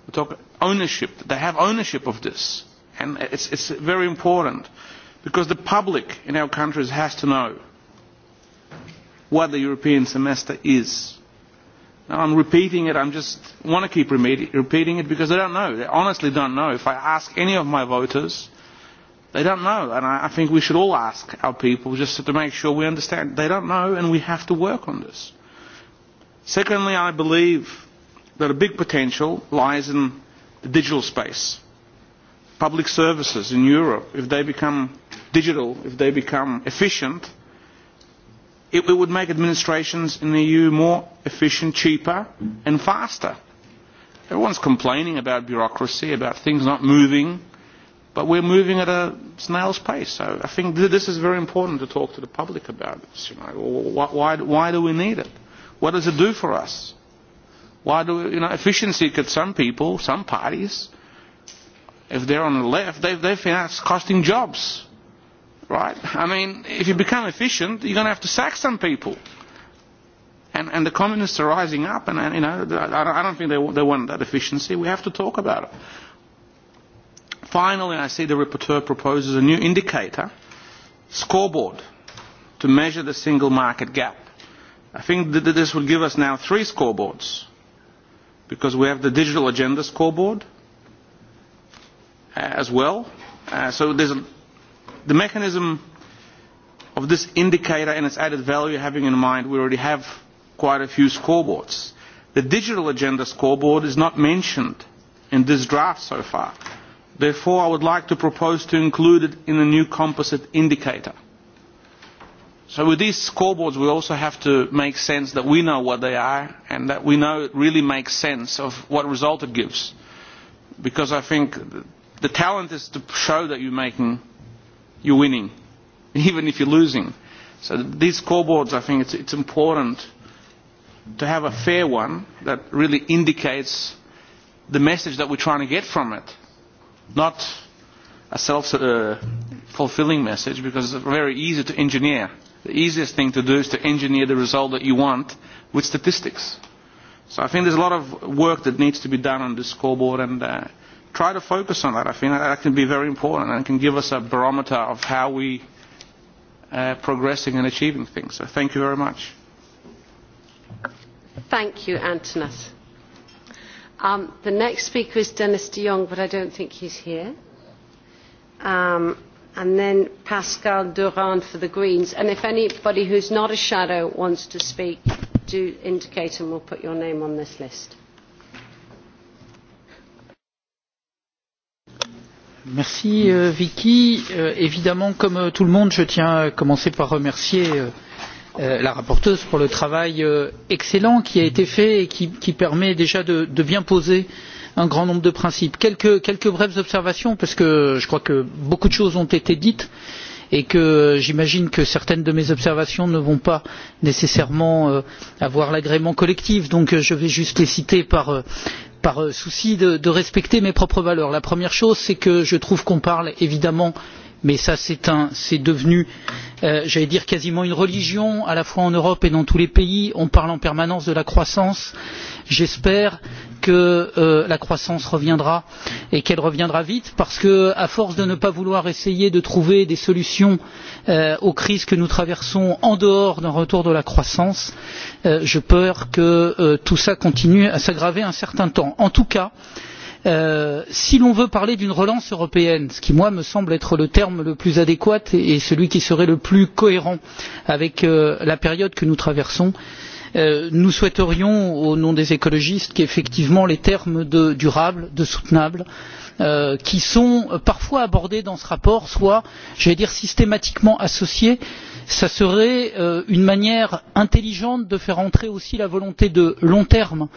We talk ownership. They have ownership of this. And it's, it's very important because the public in our countries has to know what the European semester is. Now I'm repeating it. I just want to keep repeating it because they don't know. They honestly don't know. If I ask any of my voters, They don't know, and I, I think we should all ask our people just to, to make sure we understand. They don't know, and we have to work on this. Secondly, I believe that a big potential lies in the digital space. Public services in Europe, if they become digital, if they become efficient, it, it would make administrations in the EU more efficient, cheaper, and faster. Everyone's complaining about bureaucracy, about things not moving but we're moving at a snail's pace. So I think th- this is very important to talk to the public about this. You know, why, why, why do we need it? What does it do for us? Why do we, you know efficiency? Could some people, some parties, if they're on the left, they they think that's costing jobs, right? I mean, if you become efficient, you're going to have to sack some people. And and the communists are rising up, and, and you know I don't think they they want that efficiency. We have to talk about it finally, I see the rapporteur proposes a new indicator, scoreboard, to measure the single market gap. I think that this would give us now three scoreboards, because we have the digital agenda scoreboard uh, as well. Uh, so there's a, the mechanism of this indicator and its added value, having in mind we already have quite a few scoreboards. The digital agenda scoreboard is not mentioned in this draft so far therefore i would like to propose to include it in the new composite indicator. so with these scoreboards we also have to make sense that we know what they are and that we know it really makes sense of what result it gives because i think the talent is to show that you're making you're winning (laughs) even if you're losing so these scoreboards i think it's it's important to have a fair one that really indicates the message that we're trying to get from it not a self-fulfilling uh, message because it's very easy to engineer. The easiest thing to do is to engineer the result that you want with statistics. So I think there's a lot of work that needs to be done on this scoreboard and uh, try to focus on that. I think that can be very important and can give us a barometer of how we are uh, progressing and achieving things. So thank you very much. Thank you, Antonis. Um, the next speaker is Dennis de Jong, but I don't think he's here. Um, and then Pascal Durand for the Greens. And if anybody who's not a shadow wants to speak, do indicate and we'll put your name on this list. Merci euh, Vicky. Euh, évidemment, comme euh, tout le monde, je tiens à commencer par remercier euh, Euh, la rapporteure pour le travail euh, excellent qui a été fait et qui permet déjà de bien poser un grand nombre de principes. quelques brèves observations parce que je crois que beaucoup de choses ont été dites et que j'imagine que certaines de mes observations ne vont pas nécessairement euh, avoir l'agrément collectif donc je vais juste les citer par par souci de, de respecter mes propres valeurs. La première chose, c'est que je trouve qu'on parle évidemment mais c'est devenu euh, j'allais dire quasiment une religion à la fois en europe et dans tous les pays on parle en permanence de la croissance. j'espère que euh, la croissance reviendra et qu'elle reviendra vite parce que à force de ne pas vouloir essayer de trouver des solutions euh, aux crises que nous traversons en dehors d'un retour de la croissance j'ai peur que tout cela continue à s'aggraver un certain temps. en tout cas Euh, si l'on veut parler d'une relance européenne ce qui moi me semble être le terme le plus adéquat et celui qui serait le plus cohérent avec euh, la période que nous traversons euh, nous souhaiterions au nom des écologistes qu'effectivement les termes de durable de soutenable qui sont parfois abordés dans ce rapport soient j'allais dire systématiquement associés ce serait euh, une manière intelligente de faire entrer aussi la volonté de long terme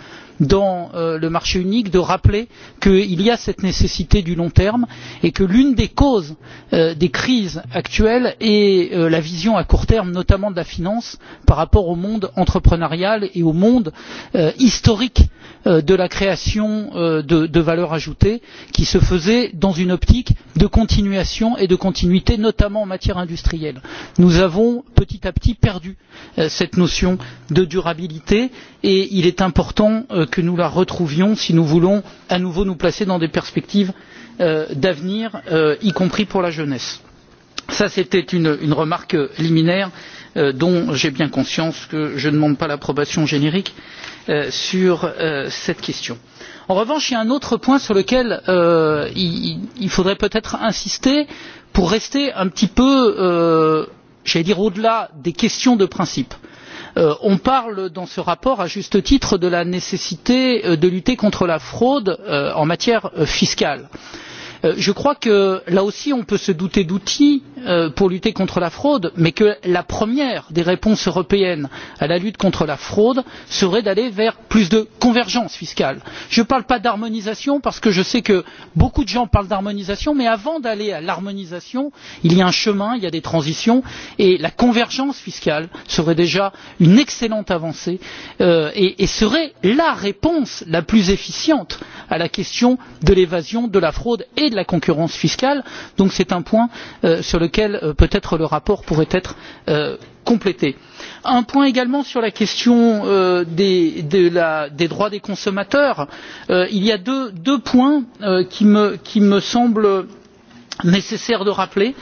dans euh, le marché unique de rappeler qu'il y a cette nécessité du long terme et que l'une des causes euh, des crises actuelles est la vision à court terme notamment de la finance par rapport au monde entrepreneurial et au monde historique de la création de, de valeur ajoutée qui se faisait dans une optique de continuation et de continuité notamment en matière industrielle. nous avons avons petit à petit perdu euh, cette notion de durabilité et il est important euh, que nous la retrouvions si nous voulons à nouveau nous placer dans des perspectives euh, d'avenir y compris pour la jeunesse. c'était une remarque liminaire dont j'ai bien conscience que je ne demande pas l'approbation générique sur cette question. en revanche il y a un autre point sur lequel il faudrait peut être insister pour rester un petit peu j'allais dire au delà des questions de principe euh, on parle dans ce rapport à juste titre de la nécessité euh, de lutter contre la fraude euh, en matière fiscale. il Euh, je crois que là aussi on peut se douter d'outils euh, pour lutter contre la fraude mais que la première des réponses européennes à la lutte contre la fraude serait d'aller vers plus de convergence fiscale. je ne parle pas d'harmonisation parce que je sais que beaucoup de gens parlent d'harmonisation mais avant d'aller à l'harmonisation il y a un chemin il y a des transitions et la convergence fiscale serait déjà une excellente avancée euh, et, et serait la réponse la plus efficiente à la question de l'évasion de la fraude et de la concurrence fiscale donc c'est un point euh, sur lequel euh, peut être le rapport pourrait être euh, complété. un point également sur la question des droits des consommateurs il y a deux points qu'il me semble nécessaire de rappeler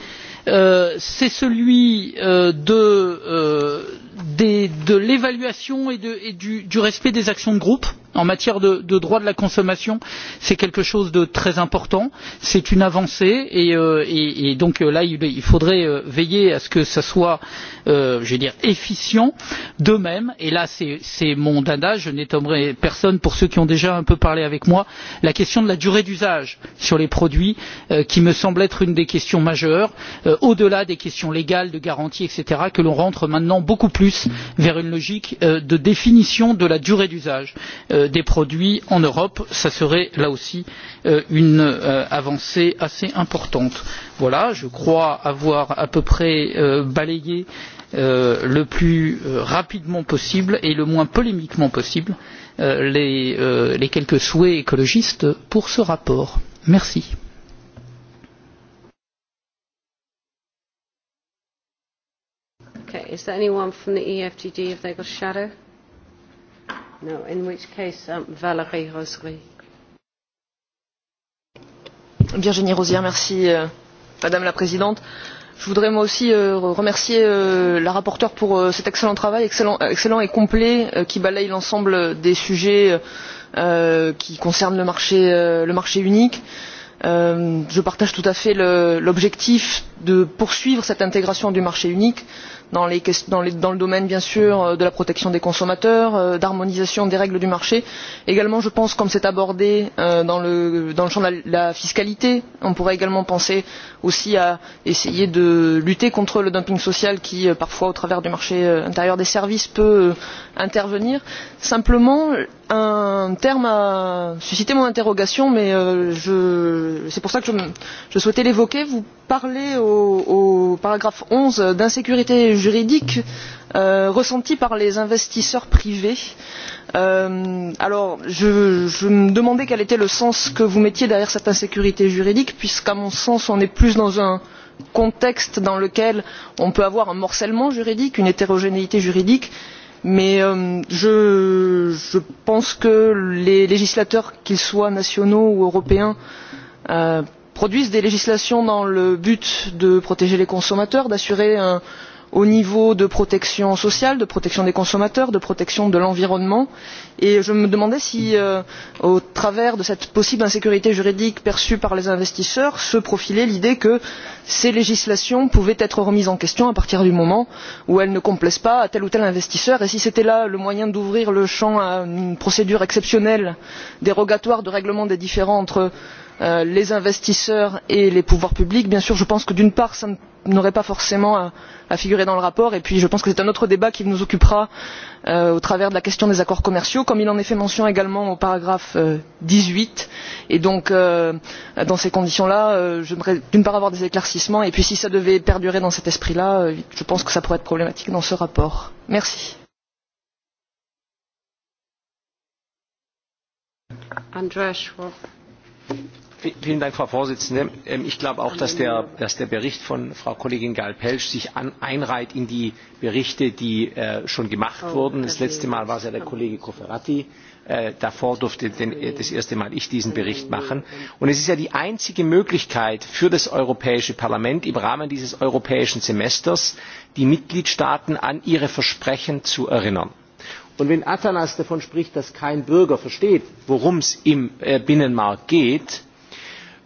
c'est celui de de l'évaluation et du respect des actions de groupe en matière de droit de la consommation est quelque chose de très important c'est une avancée et euh, donc euh, là il faudrait euh, veiller à ce que ce soit je veux dire efficient. de même et là c'est mon dada je n'étonnerai personne pour ceux qui ont déjà un peu parlé avec moi la question de la durée d'usage sur les produits qui me semble être une des questions majeures au delà des questions légales de garantie etc. que l'on rentre maintenant beaucoup plus vers une logique euh, de définition de la durée d'usage euh, des produits en europe ce serait là aussi euh, une avancée assez importante. voilà je crois avoir à peu près balayé le plus rapidement possible et le moins polémiquement possible les quelques souhaits écologistes pour ce rapport. merci. Okay, is there anyone from the EFTD? Have they got a shadow? No, in which case, um, Valérie Roserie. Virginie Rosière, merci euh, Madame la Présidente. Je voudrais moi aussi euh, remercier euh, la rapporteure pour euh, cet excellent travail, excellent, excellent et complet, euh, qui balaye l'ensemble des sujets euh, qui concernent le marché, euh, le marché unique. Euh, je partage tout à fait l'objectif de poursuivre cette intégration du marché unique dans le domaine bien sûr euh, de la protection des consommateurs euh, d'harmonisation des règles du marché également je pense comme c'est abordé euh, dans le champ de la fiscalité on pourrait également penser aux règles de concurrence aussi à essayer de lutter contre le dumping social qui euh, parfois au travers du marché euh, intérieur des services peut euh, intervenir. simplement un terme a suscité mon interrogation mais c'est pour cela que je souhaitais l'évoquer vous parlez au paragraphe onze d'insécurité juridique ressentie par les investisseurs privés. Euh, je me demandais quel était le sens que vous mettiez derrière cette insécurité juridique puisqu'à mon sens on est plus dans un contexte dans lequel on peut avoir un morcellement juridique une hétérogénéité juridique mais euh, je pense que les législateurs qu'ils soient nationaux ou européens euh, produisent des législations dans le but de protéger les consommateurs d'assurer un au niveau de protection sociale de protection des consommateurs de protection de l'environnement et je me demandais si euh, au travers de cette possible insécurité juridique perçue par les investisseurs se profilait l'idée que ces législations pouvaient être remises en question à partir du moment où elles ne complaisent pas à tel ou tel investisseur et si c'était là le moyen d'ouvrir le champ à une procédure exceptionnelle dérogatoire de règlement des différends entre Euh, les investisseurs et les pouvoirs publics bien sûr je pense que d'une part cela n'aurait pas forcément à figurer dans le rapport et puis je pense que c'est un autre débat qui nous occupera euh, au travers de la question des accords commerciaux comme il en est fait mention également au paragraphe euh, dix huit et donc dans ces conditions là j'aimerais d'une part avoir des éclaircissements et puis si cela devait perdurer dans cet esprit là je pense que cela pourrait être problématique dans ce rapport. merci frau präsidentin! Ähm, ich glaube auch dass der bericht von frau kollegin gl pelcz sich einreiht in die berichte die äh, schon gemacht oh, wurden. das letzte mal war es ja der kollege cofferati äh, davor durfte äh, das erste mal ich diesen bericht hm. machen. und es ist ja die einzige möglichkeit für das europäische parlament im rahmen dieses europäischen semesters die mitgliedstaaten an ihre versprechen zu erinnern. und wenn atanas davon spricht dass kein bürger versteht worum es im binnenmarkt geht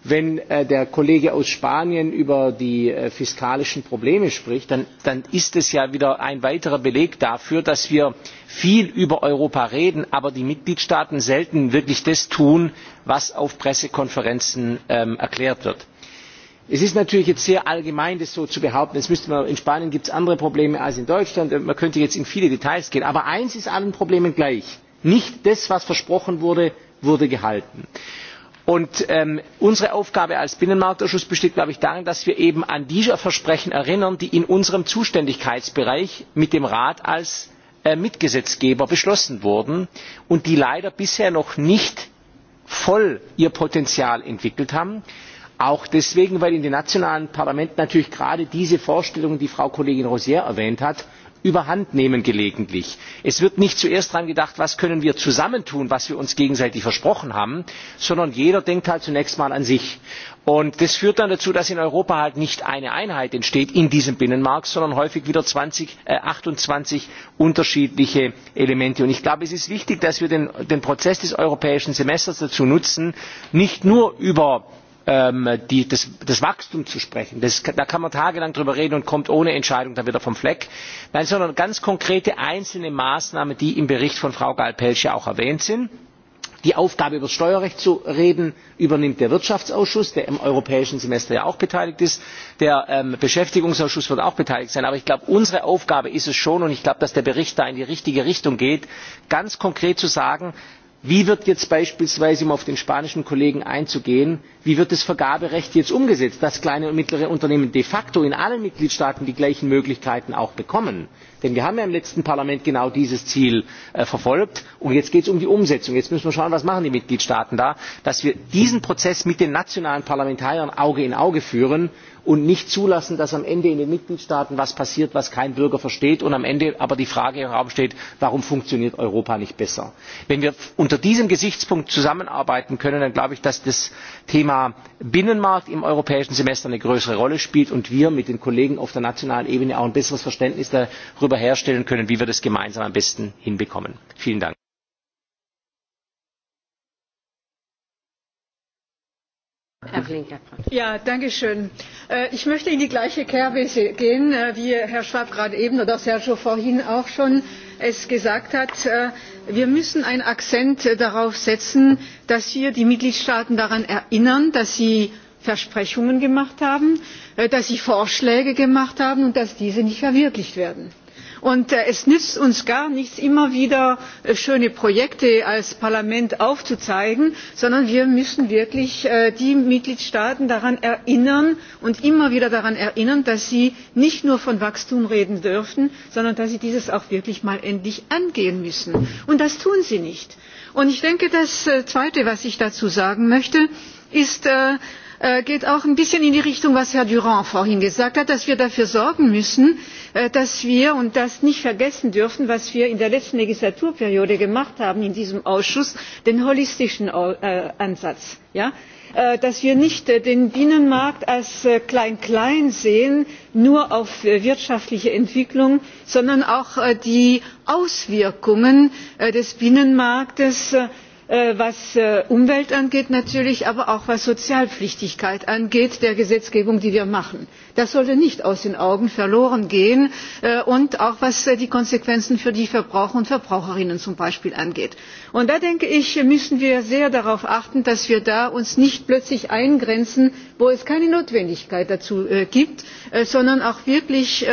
wenn äh, der kollege aus spanien über die äh, fiskalischen probleme spricht dann ist das ja wieder ein weiterer beleg dafür dass wir viel über europa reden aber die mitgliedstaaten selten wirklich das tun was auf pressekonferenzen ähm, erklärt wird. es ist natürlich jetzt sehr allgemein das so zu behaupten in spanien gibt es andere probleme als in deutschland äh, man könnte jetzt in viele details gehen. aber eines ist allen problemen gleich nicht das was versprochen wurde wurde gehalten und ähm, unsere aufgabe als binnenmarktausschuss besteht glaube ich darin dass wir eben an die versprechen erinnern die in unserem zuständigkeitsbereich mit dem rat als äh, mitgesetzgeber beschlossen wurden und die leider bisher noch nicht voll ihr potenzial entwickelt haben auch deswegen weil in den nationalen parlamenten natürlich gerade diese vorstellungen die frau kollegin rozière erwähnt hat überhandnehmen gelegentlich. Es wird nicht zuerst daran gedacht, was können wir zusammentun, was wir uns gegenseitig versprochen haben, sondern jeder denkt halt zunächst mal an sich. Und das führt dann dazu, dass in Europa halt nicht eine Einheit entsteht in diesem Binnenmarkt, sondern häufig wieder 20, äh, 28 unterschiedliche Elemente. Und ich glaube, es ist wichtig, dass wir den, den Prozess des europäischen Semesters dazu nutzen, nicht nur über Ähm, das wachstum zu sprechen da kann man tagelang darüber reden und kommt ohne entscheidung dann wieder vom fleck sondern ganz konkrete einzelne maßnahmen die im bericht von frau gll pelcz ja auch erwähnt sind die aufgabe über das steuerrecht zu reden übernimmt der wirtschaftsausschuss der am europäischen semester ja auch beteiligt ist der ähm, beschäftigungsausschuss wird auch beteiligt sein aber ich glaube unsere aufgabe ist es schon und ich glaube dass der bericht da in die richtige richtung geht ganz konkret zu sagen wie wird jetzt beispielsweise um auf den spanischen kollegen einzugehen das vergaberecht jetzt umgesetzt dass kleine und mittlere unternehmen de facto in allen mitgliedstaaten die gleichen möglichkeiten auch bekommen? denn wir haben ja im letzten parlament genau dieses ziel äh, verfolgt und jetzt geht es um die umsetzung. jetzt müssen wir schauen was die mitgliedstaaten da machen damit wir diesen prozess mit den nationalen parlamentariern auge in auge führen und nicht zulassen, dass am Ende in den Mitgliedstaaten was passiert, was kein Bürger versteht und am Ende aber die Frage im Raum steht, warum funktioniert Europa nicht besser. Wenn wir unter diesem Gesichtspunkt zusammenarbeiten können, dann glaube ich, dass das Thema Binnenmarkt im europäischen Semester eine größere Rolle spielt und wir mit den Kollegen auf der nationalen Ebene auch ein besseres Verständnis darüber herstellen können, wie wir das gemeinsam am besten hinbekommen. Vielen Dank. Ja, äh, ich möchte in die gleiche kerbe schlagen äh, wie herr schwab gerade eben oder sergio vorhin auch schon gesagt hat äh, wir müssen einen akzent darauf setzen dass wir die mitgliedstaaten daran erinnern dass sie versprechungen gemacht haben dass sie vorschläge gemacht haben und dass diese nicht verwirklicht werden und äh, es nützt uns gar nichts immer wieder äh, schöne projekte als parlament aufzuzeigen sondern wir müssen wirklich äh, die mitgliedstaaten daran erinnern und immer wieder daran erinnern dass sie nicht nur von wachstum reden dürfen sondern dass sie dies auch wirklich mal endlich angehen müssen. und das tun sie nicht. das zweite was ich dazu sagen möchte ist Äh, geht auch ein bisschen in die richtung was herr durant vorhin gesagt hat dass wir dafür sorgen müssen äh, dass wir und das nicht vergessen dürfen was wir in der letzten legislaturperiode gemacht haben in diesem ausschuss den holistischen äh, ansatz ja? dass wir nicht den binnenmarkt als klein klein sehen nur auf wirtschaftliche entwicklung sondern auch die auswirkungen des binnenmarktes Äh, was äh, umwelt angeht natürlich aber auch was sozialpflichtigkeit angeht der gesetzgebung die wir machen. das sollte nicht aus den augen verloren gehen äh, und auch was die konsequenzen für die verbraucher und verbraucherinnen zum beispiel angeht. da denke ich müssen wir sehr darauf achten dass wir uns da nicht plötzlich eingrenzen wo es keine notwendigkeit dazu gibt sondern auch wirklich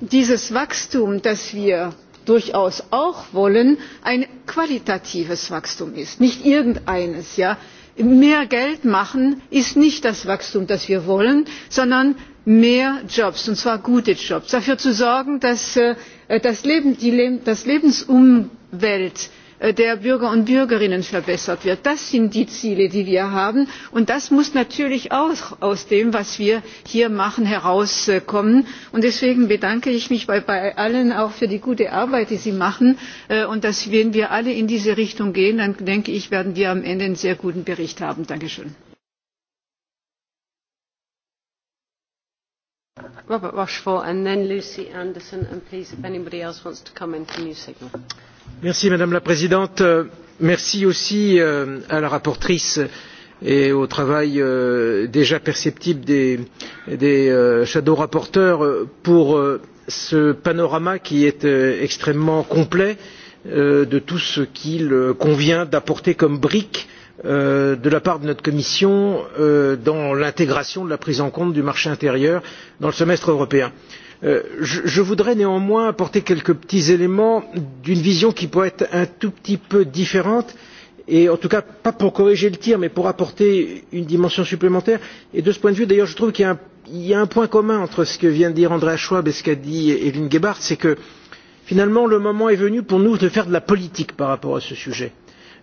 dieses wachstum das wir durchaus auch wollen ein qualitatives wachstum ist nicht irgendeines. Ja. mehr geld machen ist nicht das wachstum das wir wollen sondern mehr jobs und zwar gute jobs dafür zu sorgen dass äh, die lebensumwelt Äh, der bürger und bürgerinnen verbessert wird. das sind die ziele die wir haben und das muss natürlich auch aus dem was wir hier machen herauskommen. und deswegen bedanke ich mich bei allen auch für die gute arbeit die sie machen äh, und wenn wir alle in diese richtung gehen dann denke ich werden wir am ende einen sehr guten bericht haben. danke schön! madame la présidente merci aussi euh, à la rapporteure et au travail euh, déjà perceptible des euh, shadow rapporteurs pour ce panorama qui est extrêmement complet de tout ce qu'il convient d'apporter comme briques de la part de notre commission dans l'intégration de la prise en compte du marché intérieur dans le semestre européen. Euh, je voudrais néanmoins apporter quelques petits éléments d'une vision qui pourrait être un tout petit peu différente et en tout cas pas pour corriger le tir mais pour apporter une dimension supplémentaire et de ce point de vue d'ailleurs je trouve qu'il y a un point commun entre ce que vient de dire andreas schwab et ce qu'a dit evelyne gebhardt c'est que finalement le moment est venu pour nous de faire de la politique par rapport à ce sujet.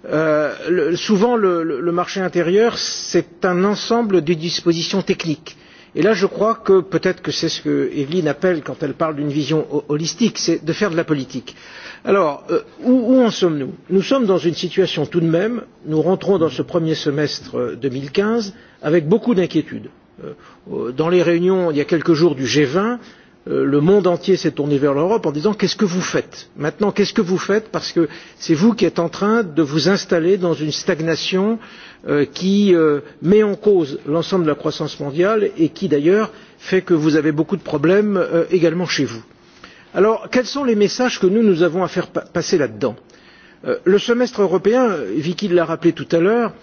Euh, le, souvent le, le marché intérieur c'est un ensemble de dispositions techniques et là je crois que peut être c'est ce que evelyne appelle quand elle parle d'une vision holistique c'est de faire de la politique. alors euh, où en sommes nous? nous sommes dans une situation tout de même nous rentrons dans ce premier semestre euh, deux mille quinze avec beaucoup d'inquiétudes. Euh, dans les réunions il y a quelques jours du g vingt le monde entier s'est tourné vers l'europe en disant qu'est ce que vous faites maintenant qu'est ce que vous faites parce que c'est vous qui êtes en train de vous installer dans une stagnation euh, Euh, qui euh, met en cause l'ensemble de la croissance mondiale et qui d'ailleurs fait que vous avez beaucoup de problèmes euh, également chez vous. alors quels sont les messages que nous avons à faire passer là dedans? le semestre européen vicky l'a rappelé tout à l'heure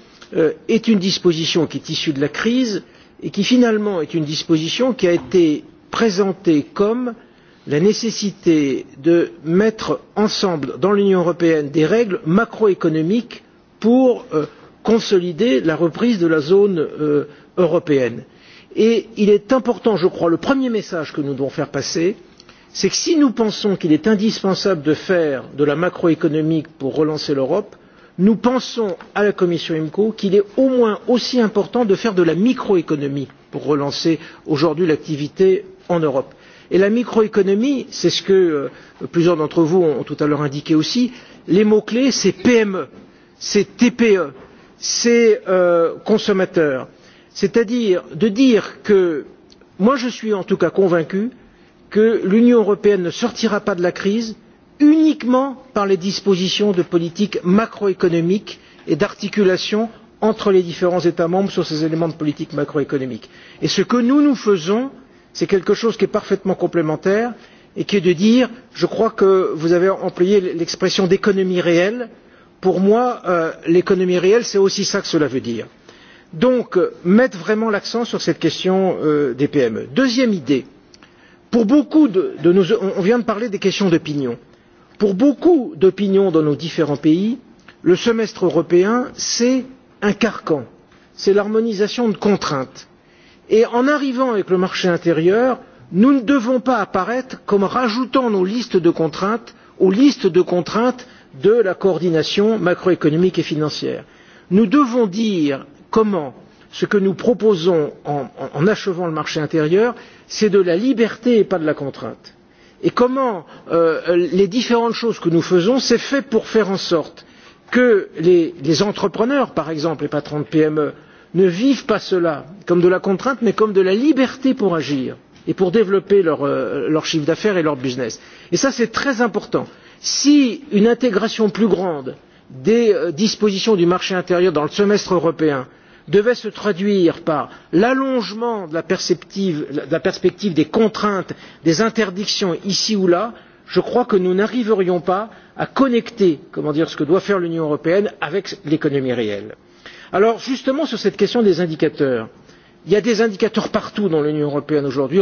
est une disposition qui est issue de la crise et qui finalement est une disposition qui a été présentée comme la nécessité de mettre ensemble dans l'union européenne des règles macroéconomiques pour consolider la reprise de la zone euh, européenne. il est important je crois le premier message que nous devons faire passer c'est que si nous pensons qu'il est indispensable de faire de la macroéconomie pour relancer l'europe nous pensons à la commission imco qu'il est au moins aussi important de faire de la microéconomie pour relancer aujourd'hui l'activité en europe. Et la microéconomie, c'est ce que euh, plusieurs d'entre vous ont tout à l'heure indiqué aussi, les mots clés, c'est PME, c'est TPE ces euh, consommateurs c'est à dire de dire que je suis en tout cas convaincu que l'union européenne ne sortira pas de la crise uniquement par les dispositions de politique macroéconomique et d'articulation entre les différents états membres sur ces éléments de politique macroéconomique. et ce que nous nous faisons c'est quelque chose qui est parfaitement complémentaire et qui est de dire je crois que vous avez employé l'expression d'économie réelle pour moi, euh, l'économie réelle, c'est aussi ça que cela veut dire. Donc, euh, mettre vraiment l'accent sur cette question euh, des PME. Deuxième idée. Pour beaucoup de, de nos, on vient de parler des questions d'opinion. Pour beaucoup d'opinions dans nos différents pays, le semestre européen, c'est un carcan. C'est l'harmonisation de contraintes. Et en arrivant avec le marché intérieur, nous ne devons pas apparaître comme rajoutant nos listes de contraintes aux listes de contraintes de la coordination macroéconomique et financière. nous devons dire comment ce que nous proposons en achevant le marché intérieur c'est de la liberté et pas de la contrainte et comment euh, les différentes choses que nous faisons c'est fait pour faire en sorte que les, les entrepreneurs par exemple les patrons de pme ne vivent pas cela comme de la contrainte mais comme de la liberté pour agir et pour développer leur, euh, leur chiffre d'affaires et leur business. Et ça, c'est très important si une intégration plus grande des euh, dispositions du marché intérieur dans le semestre européen devait se traduire par l'allongement de la perspective des contraintes des interdictions ici ou là je crois que nous n'arriverions pas à connecter ce que doit faire l'union européenne avec l'économie réelle. alors justement sur cette question des indicateurs il y a des indicateurs partout dans l'union européenne aujourd'hui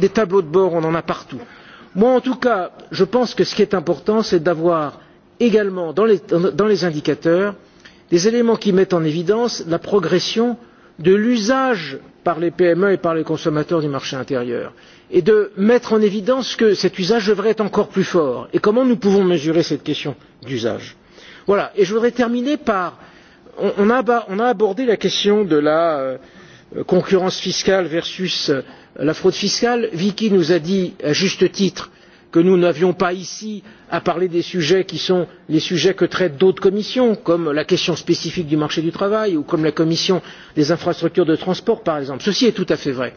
des tableaux de bord on en a partout en tout cas je pense que ce qui est important c'est d'avoir également dans les indicateurs des éléments qui mettent en évidence la progression de l'usage par les pme et par les consommateurs du marché intérieur et de mettre en évidence que cet usage devrait être encore plus fort et comment nous pouvons mesurer cette question d'usage. voilà et je voudrais terminer par on a abordé la question de la euh, concurrence fiscale versus la fraude fiscale vicky nous a dit à juste titre que nous n'avions pas ici à parler des sujets qui sont les sujets que traitent d'autres commissions comme la question spécifique du marché du travail ou comme la commission des infrastructures de transport par exemple. ceci est tout à fait vrai.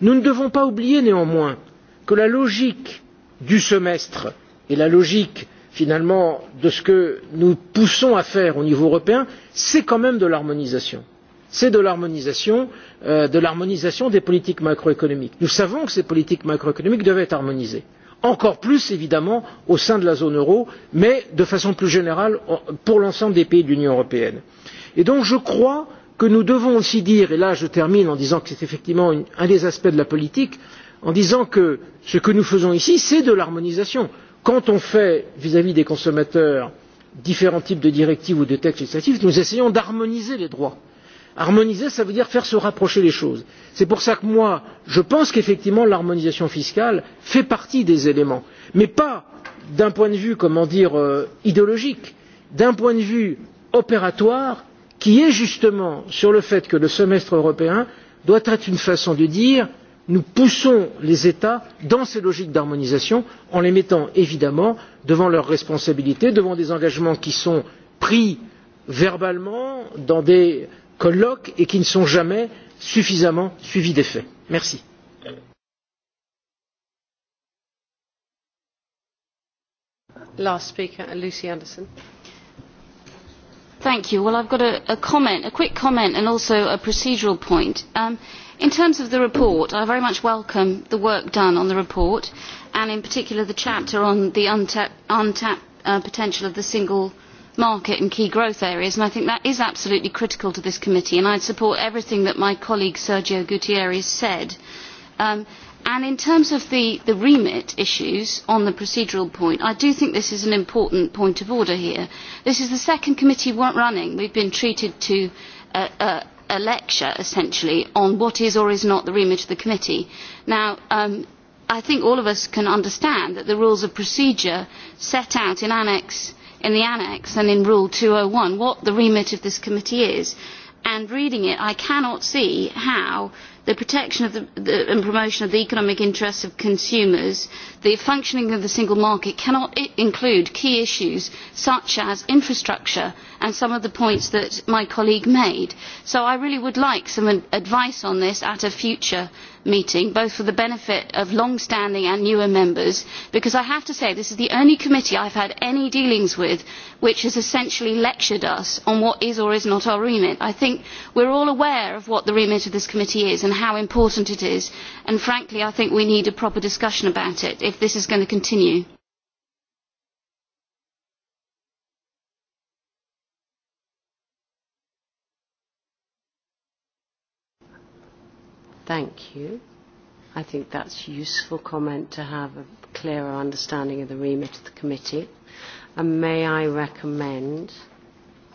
nous ne devons pas oublier néanmoins que la logique du semestre et la logique finalement de ce que nous poussons à faire au niveau européen c'est quand même de l'harmonisation c'est de l'harmonisation euh, de l'harmonisation des politiques macroéconomiques. Nous savons que ces politiques macroéconomiques devaient être harmonisées, encore plus évidemment au sein de la zone euro, mais de façon plus générale pour l'ensemble des pays de l'Union européenne. Et donc je crois que nous devons aussi dire et là je termine en disant que c'est effectivement une, un des aspects de la politique en disant que ce que nous faisons ici, c'est de l'harmonisation. Quand on fait vis à vis des consommateurs différents types de directives ou de textes législatifs, nous essayons d'harmoniser les droits harmoniser cela veut dire faire se rapprocher les choses. c'est pour cela que je pense qu'effectivement l'harmonisation fiscale fait partie des éléments mais pas d'un point de vue comment dire euh, idéologique d'un point de vue opératoire qui est justement sur le fait que le semestre européen doit être une façon de dire nous poussons les États dans ces logiques d'harmonisation en les mettant évidemment devant leurs responsabilités, devant des engagements qui sont pris verbalement dans des euh, colloquent et qui ne sont jamais suffisamment suivis d'effet. Merci. Last speaker, Lucy Anderson. Thank you. Well, I've got a, a comment, a quick comment, and also a procedural point. Um, in terms of the report, I very much welcome the work done on the report, and in particular the chapter on the untapped, untapped uh, potential of the single market and key growth areas. I think that is absolutely critical to this committee, and I support everything that my colleague Sergio Gutierrez said. Um, and in terms of the, the remit issues on the procedural point, I do think this is an important point of order here. This is the second committee we weren't running. We've been treated to a, a, a lecture, essentially, on what is or is not the remit of the committee. Now, um, I think all of us can understand that the rules of procedure set out in Annex in the annex and in rule 201 what the remit of this committee is and reading it i cannot see how the protection of the, the, and promotion of the economic interests of consumers, the functioning of the single market cannot I- include key issues such as infrastructure and some of the points that my colleague made. So I really would like some ad- advice on this at a future meeting both for the benefit of long standing and newer members because i have to say this is the only committee i have had any dealings with which has essentially lectured us on what is or is not our remit. i think we are all aware of what the remit of this committee is and how important it is and frankly i think we need a proper discussion about it if this is going to continue. Thank you. I think that's a useful comment to have a clearer understanding of the remit of the committee. And may I recommend,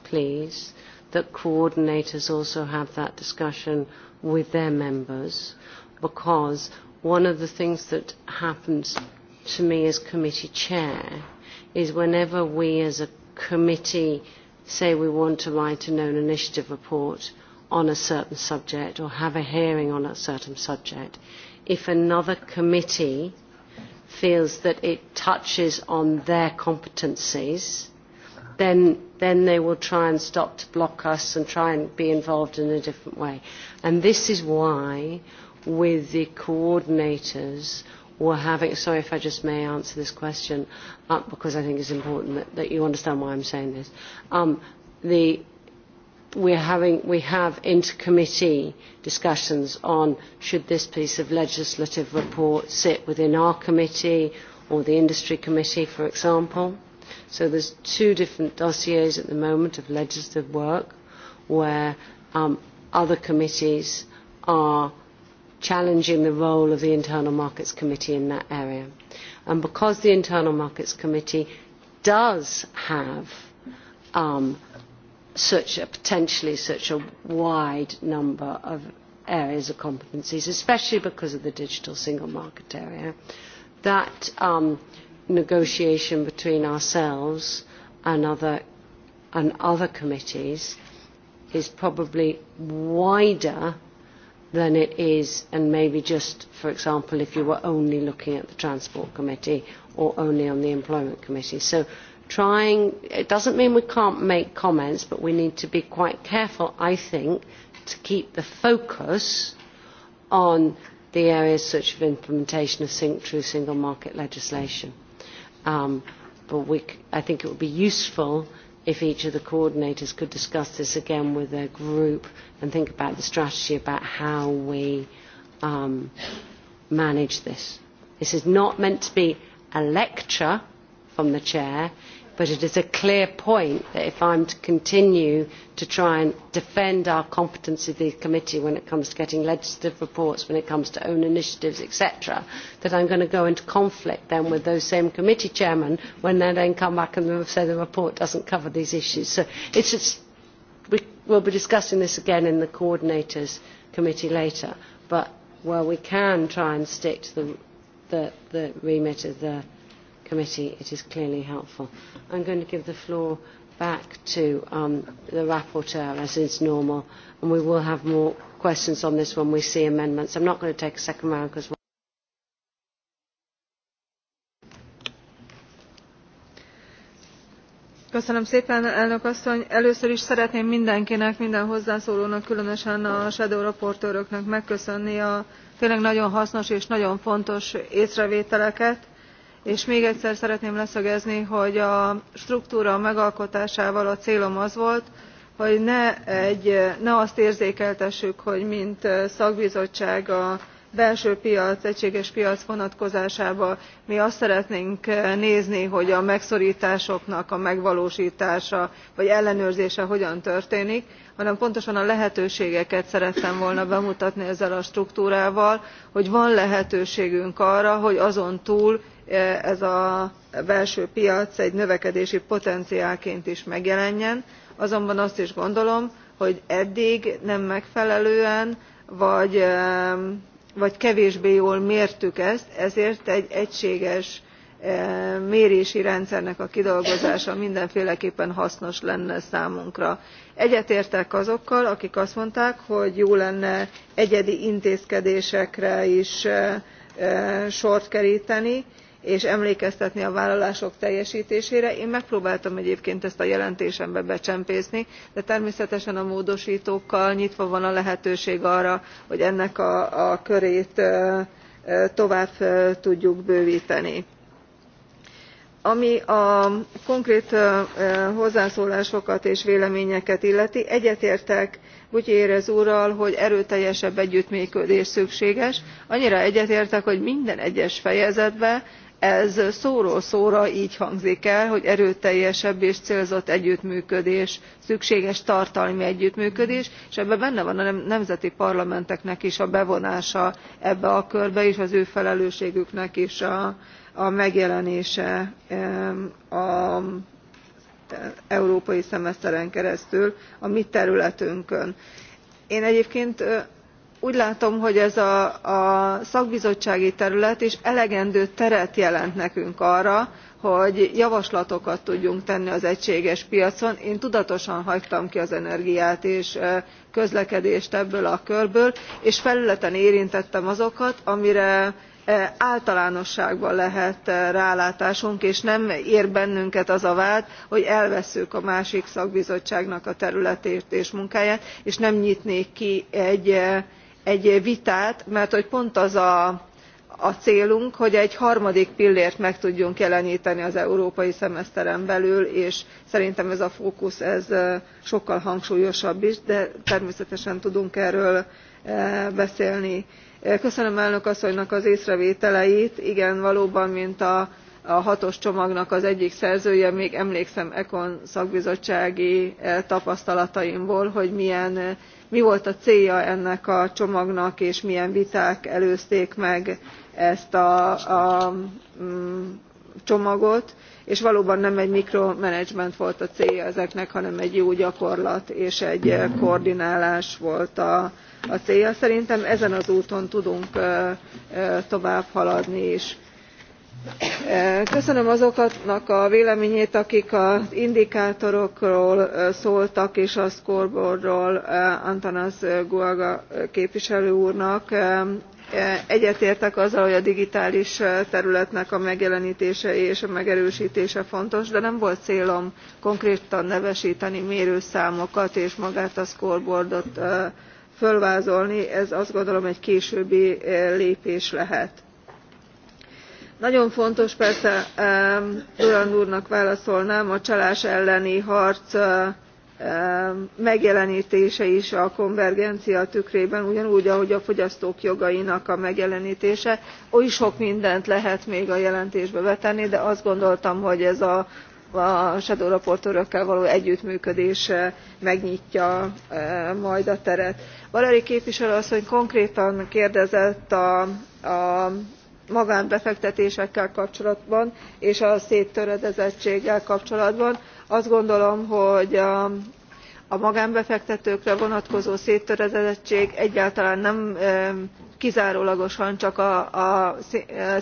please, that coordinators also have that discussion with their members because one of the things that happens to me as committee chair is whenever we as a committee say we want to write a known initiative report, on a certain subject or have a hearing on a certain subject, if another committee feels that it touches on their competencies, then, then they will try and stop to block us and try and be involved in a different way. And this is why, with the coordinators, we're having, sorry if I just may answer this question, uh, because I think it's important that, that you understand why I'm saying this. Um, the we have inter committee discussions on should this piece of legislative report sit within our committee or the industry committee, for example. So there's two different dossiers at the moment of legislative work where um, other committees are challenging the role of the Internal Markets Committee in that area. And because the Internal Markets Committee does have um, such a potentially such a wide number of areas of competencies, especially because of the digital single market area, that um, negotiation between ourselves and other, and other committees is probably wider than it is, and maybe just, for example, if you were only looking at the Transport Committee or only on the Employment Committee. So trying it doesn't mean we can't make comments but we need to be quite careful i think to keep the focus on the areas such as implementation of sync true single market legislation um, but we i think it would be useful if each of the coordinators could discuss this again with their group and think about the strategy about how we um, manage this. This is not meant to be a lecture from the chair but it is a clear point that if I'm to continue to try and defend our competence of the committee when it comes to getting legislative reports, when it comes to own initiatives, etc., that I'm going to go into conflict then with those same committee chairmen when they then come back and say the report doesn't cover these issues. So it's just, we, we'll be discussing this again in the coordinators committee later, but where we can try and stick to the, the, the remit of the committee, it is clearly helpful. I'm going to give the floor back to um, the rapporteur, as is normal, and we will have more questions on this when we see amendments. I'm not going to take a second round because. Köszönöm szépen, elnök asszony. Először is szeretném mindenkinek, minden hozzászólónak, különösen a shadow raportőröknek megköszönni a tényleg nagyon hasznos és nagyon fontos észrevételeket és még egyszer szeretném leszögezni hogy a struktúra megalkotásával a célom az volt hogy ne azt érzékeltessük hogy mint szakbizottság a belső piac egységes piac vonatkozásában mi azt szeretnénk nézni hogy a megszortásoknak a megvalóstása vagy ellenőrzése hogyan történik hanem pontosan a lehetőségeket szerettem volna bemutatni ezzel a struktúrával hogy van lehetőségünk arra hogy azon túl eh, ez a belső piac egy növekedési potenciálként is megjelenjen azonban azt is gondolom hogy eddig nem megfelelően vagy eh, vagy kevésbé jól mértük ezt ezért egy egységes e, mérési rendszernek a kidolgozása mindenféleképpen hasznos lenne számunkra. egyetértek azokkal akik azt mondták hogy jó lenne egyedi intézkedésekre is e, e, sort kerteni és emlékeztetni a vállalások teljestésére én megpróbáltam egyébként ezt a jelentésembe becsempészni de természetesen a módostókkal nyitva van a lehetőség arra hogy ennek a körét tovább tudjuk bővteni. ami a konkrét hozzászólásokat és véleményeket illeti egyetértek bouguire úrral hogy erőteljesebb együttműködés szükséges annyira egyetértek hogy minden egyes fejezetben ez szóról szóra gy hangzik el hogy erőteljesebb és célzott együttműködés szükséges tartalmi együttműködés és ebben benne van a nemzeti parlamenteknek is a bevonása ebbe a körbe és az ő felelősségüknek is a megjelenése az európai szemeszteren keresztül a mi területünkön. én egyébként úgy látom hogy ez a szakbizottsági terület is elegendő teret jelent nekünk arra hogy javaslatokat tudjunk tenni az egységes piacon. én tudatosan hagytam ki az energiát és a közlekedést ebből a körből és felületen érintettem azokat amire általánosságban lehet rálátásunk és nem ér bennünket az a vád hogy elvesszük a másik szakbizottságnak a területét és munkáját és nem nyitnék ki egy egy vitát mert hogy pont az a célunk hogy egy harmadik pillért meg tudjunk jelenteni az európai szemeszteren belül és szerintem ez a fókusz ez sokkal hangsúlyosabb is de természetesen tudunk erről beszélni. köszönöm elnök asszonynak az észrevételeit igen valóban mint a hatos csomagnak az egyik szerzője még emlékszem econ szakbizottsági tapasztalataimból hogy milyen mi volt a célja ennek a csomagnak és milyen viták előzték meg ezt a mm, csomagot és valóban nem egy mikromenedzsment volt a célja ezeknek hanem egy jó gyakorlat és egy koordinálás volt a célja. szerintem ezen az úton tudunk tovább haladni is köszönöm azoknak a véleményét akik az indikátorokról szóltak és a scoreboardról antanas gruoga képviselő úrnak. egyetértek azzal hogy a digitális területnek a megjelentése és a megerőstése fontos de nem volt célom konkrétan nevesteni mérőszámokat és magát a scoreboardot fölvázolni ez azt gondolom egy későbbi lépés lehet nagyon fontos persze durand úrnak válaszolnom a csalás elleni harc megjelentése is a konvergencia tükrében ugyanúgy ahogy a fogyasztók jogainak a megjelentése. oly sok mindent lehet még a jelentésbe betenni de azt gondoltam hogy ez a shadow raportőrökkel való együttműködés megnyitja majd a teret. valéri képviselő asszony konkrétan kérdezett a magánbefektetésekkel kapcsolatban és a széttöredezettséggel kapcsolatban. azt gondolom hogy a magánbefektetőkre vonatkozó széttöredezettség egyáltalán nem kizárólagosan csak a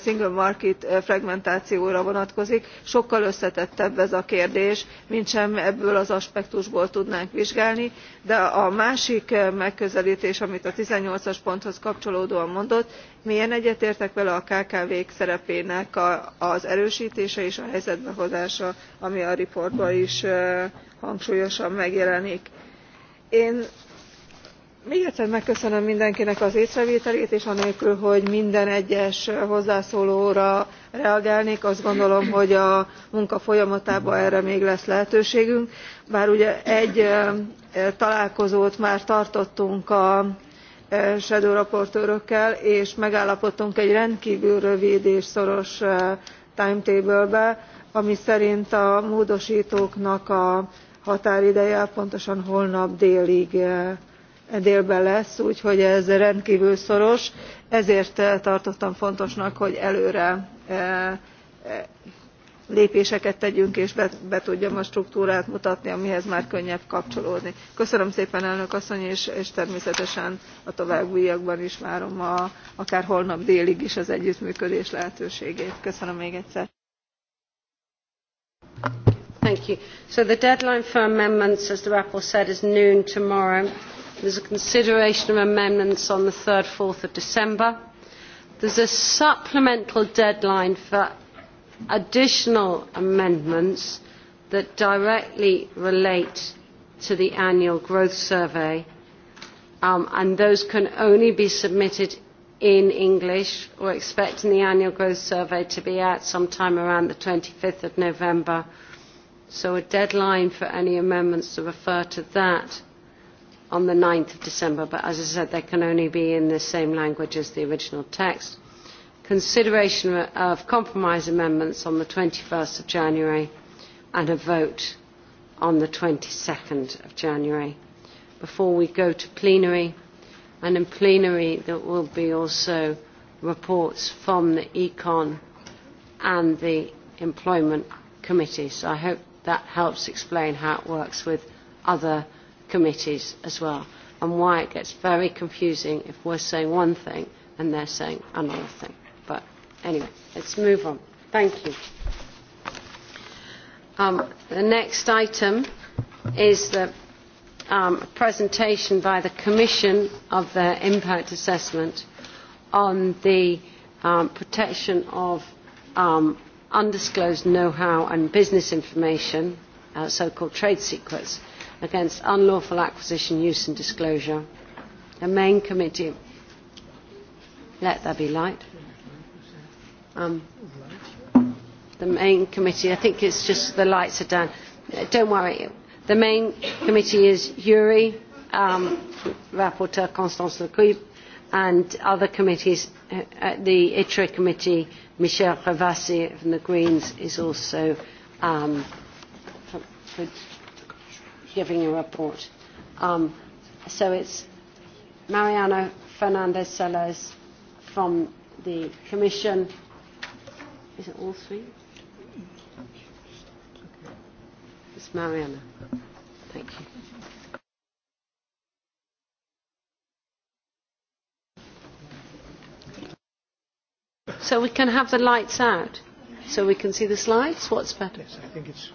single market fragmentációra vonatkozik sokkal összetettebb ez a kérdés mintsem ebből az aspektusból tudnánk vizsgálni de a másik megközeltés amit a eighteen as ponthoz kapcsolódóan mondott mélyen egyetértek vele a kkv k szerepének az erőstése és a helyzetbe hozása ami a riportban is hangsúlyosan megjelenik. én még egyszer megköszönöm mindenkinek az észrevételét és anélkül hogy minden egyes hozzászólóra reagálnék azt gondolom hogy a munka folyamatában erre még lesz lehetőségünk bár ugye egy találkozót már tartottunk a shadow raportőrökkel és megállapodtunk egy rendkvül rövid és szoros time table ben ami szerint a módostóknak a határideje pontosan holnap délig délben lesz úgyhogy ez rendkvül szoros ezért eh, tartottam fontosnak hogy előre eh, eh, lépéseket tegyünk és be tudjam a struktúrát mutatni amihez már könnyebb kapcsolódni. köszönöm szépen elnök asszony és természetesen a továbbiakban is várom akár holnap délig is az együttműködés lehetőségét. köszönöm még egyszer. thank you. so the deadline for amendments as the rapporteur said is noon tomorrow there is a consideration of amendments on the 3rd 4th of December. There is a supplemental deadline for additional amendments that directly relate to the annual growth survey, um, and those can only be submitted in English. We're expecting the annual growth survey to be out sometime around the 25th of November. So a deadline for any amendments to refer to that on nine december but as i said they can only be in the same language as the original text consideration of compromise amendments on twenty one january and a vote on the twenty two january before we go to plenary and in plenary there will be also reports from the econ and the employment committee so i hope that helps explain how it works with other committees as well and why it gets very confusing if we're saying one thing and they're saying another thing. But anyway, let's move on. Thank you. Um, the next item is the um, presentation by the Commission of the Impact Assessment on the um, protection of um, undisclosed know-how and business information, uh, so-called trade secrets against unlawful acquisition use and disclosure. The main committee. Let there be light. Um, the main committee, I think it's just the lights are down. Uh, don't worry. The main committee is Yuri, um, Rapporteur Constance Lecuib, and other committees. Uh, uh, the ITRE committee, Michel Ravassi from the Greens, is also um, for, for giving a report. Um, so it's Mariana Fernandez Sellers from the Commission. Is it all three? It's Mariana. Thank you. So we can have the lights out so we can see the slides. What's better? Yes, I think it's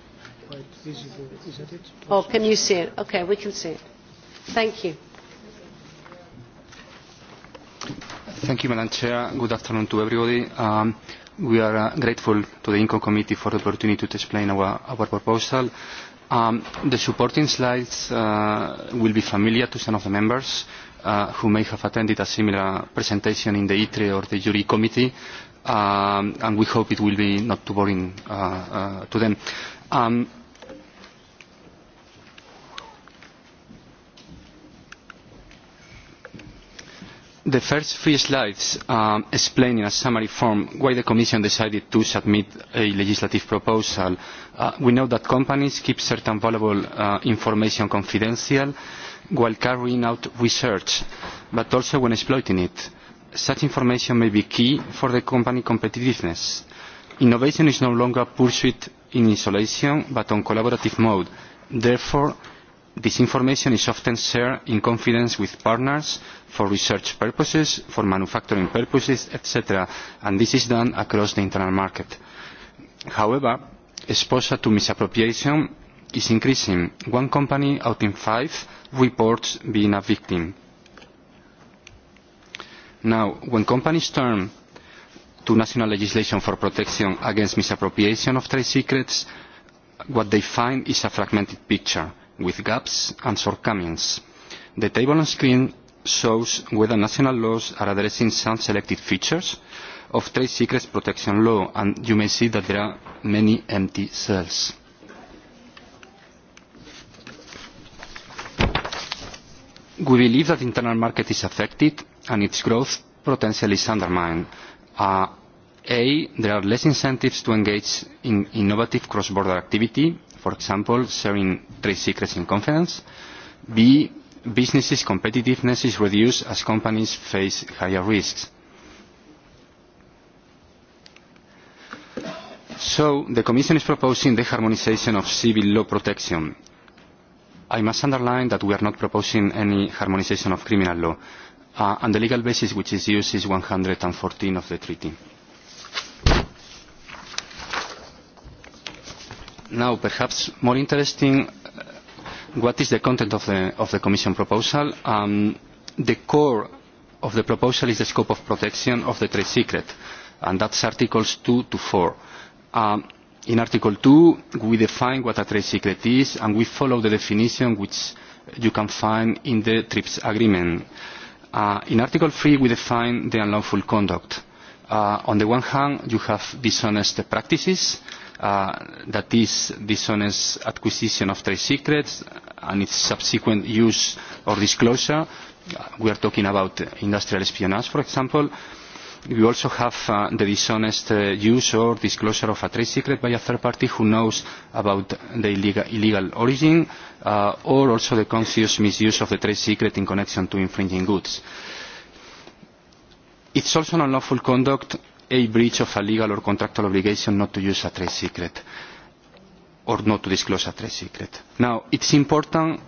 quite visible. Is that it? Oh, What's can it? you see it? Okay, we can see it. Thank you. Thank you, Madam Chair. Good afternoon to everybody. Um, we are uh, grateful to the INCO committee for the opportunity to explain our, our proposal. Um, the supporting slides uh, will be familiar to some of the members uh, who may have attended a similar presentation in the ITRE or the jury committee, um, and we hope it will be not too boring uh, uh, to them. Um, the first three slides explain in a summary form why the commission decided to submit a legislative proposal. Uh, we know that companies keep certain valuable uh, information confidential while carrying out research but also when exploiting it. such information may be key for the company's competitiveness. innovation is no longer pursued in isolation but in collaborative mode. therefore this information is often shared in confidence with partners for research purposes for manufacturing purposes etc. this is done across the internal market. however exposure to misappropriation is increasing. one company out of five reports being a victim. Now, when companies turn to national legislation for protection against misappropriation of trade secrets, what they find is a fragmented picture with gaps and shortcomings. The table on screen shows whether national laws are addressing some selected features of trade secrets protection law, and you may see that there are many empty cells. We believe that the internal market is affected and its growth potential is undermined. Uh, A. There are less incentives to engage in innovative cross-border activity for example, sharing trade secrets in confidence. B, businesses' competitiveness is reduced as companies face higher risks. So the Commission is proposing the harmonization of civil law protection. I must underline that we are not proposing any harmonization of criminal law. Uh, and the legal basis which is used is 114 of the treaty. now perhaps more interesting uh, what is the content of the, of the Commission proposal. Um, the core of the proposal is the scope of protection of the trade secret, and that's Articles 2 to 4. Um, in Article 2, we define what a trade secret is, and we follow the definition which you can find in the TRIPS agreement. Uh, in Article 3, we define the unlawful conduct. Uh, on the one hand, you have dishonest practices, uh, that this dishonest acquisition of trade secrets and its subsequent use or disclosure. Uh, we are talking about industrial espionage, for example. We also have uh, the dishonest uh, use or disclosure of a trade secret by a third party who knows about the illegal, illegal origin, uh, or also the conscious misuse of the trade secret in connection to infringing goods. It's also an unlawful conduct a breach of a legal or contractual obligation not to use a trade secret or not to disclose a trade secret. Now, it's important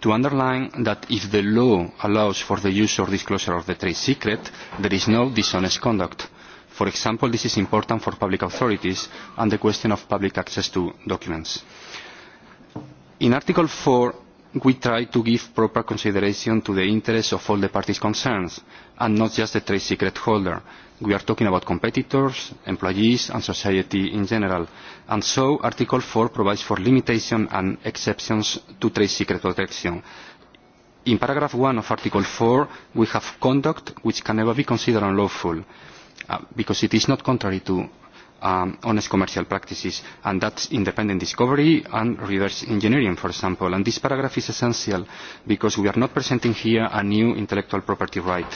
to underline that if the law allows for the use or disclosure of the trade secret, there is no dishonest conduct. For example, this is important for public authorities and the question of public access to documents. In Article 4 we try to give proper consideration to the interests of all the parties concerned and not just the trade secret holder. We are talking about competitors, employees and society in general. And so Article 4 provides for limitations and exceptions to trade secret protection. In paragraph 1 of Article 4, we have conduct which can never be considered unlawful uh, because it is not contrary to um, honest commercial practices, and that's independent discovery and reverse engineering, for example. And this paragraph is essential because we are not presenting here a new intellectual property right.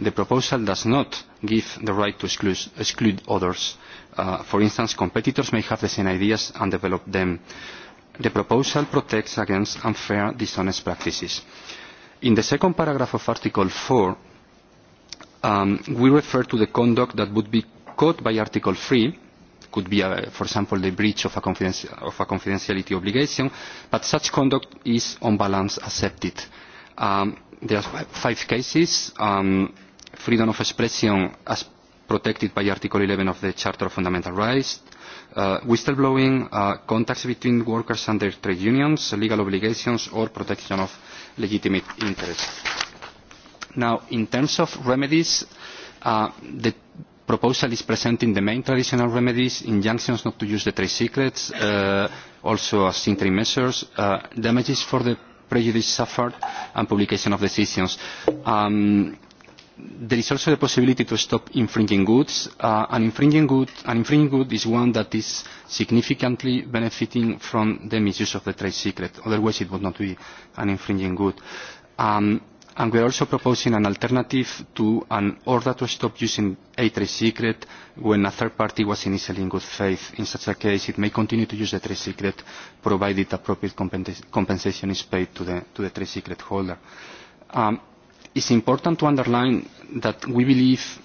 The proposal does not give the right to exclude, exclude others. Uh, for instance, competitors may have the same ideas and develop them. The proposal protects against unfair, dishonest practices. In the second paragraph of Article 4, um, we refer to the conduct that would be quote by Article 3 could be, a, uh, for example, the breach of a, of a confidentiality obligation, but such conduct is on balance accepted. Um, there are five cases. Um, freedom of expression as protected by Article 11 of the Charter of Fundamental Rights, uh, whistleblowing, uh, contacts between workers and their trade unions, legal obligations or protection of legitimate interests. Now, in terms of remedies, uh, the proposal is presenting the main traditional remedies, injunctions not to use the trade secrets, uh, also as interim measures, uh, damages for the prejudice suffered, and publication of decisions. Um, there is also the possibility to stop infringing goods. Uh, an, infringing good, an infringing good is one that is significantly benefiting from the misuse of the trade secret. Otherwise, it would not be an infringing good. Um, And we're also proposing an alternative to an order to stop using a trade secret when a third party was initially in good faith. In such a case, it may continue to use the trade secret, provided appropriate compensa compensation is paid to the, to the trade secret holder. Um, it's important to underline that we believe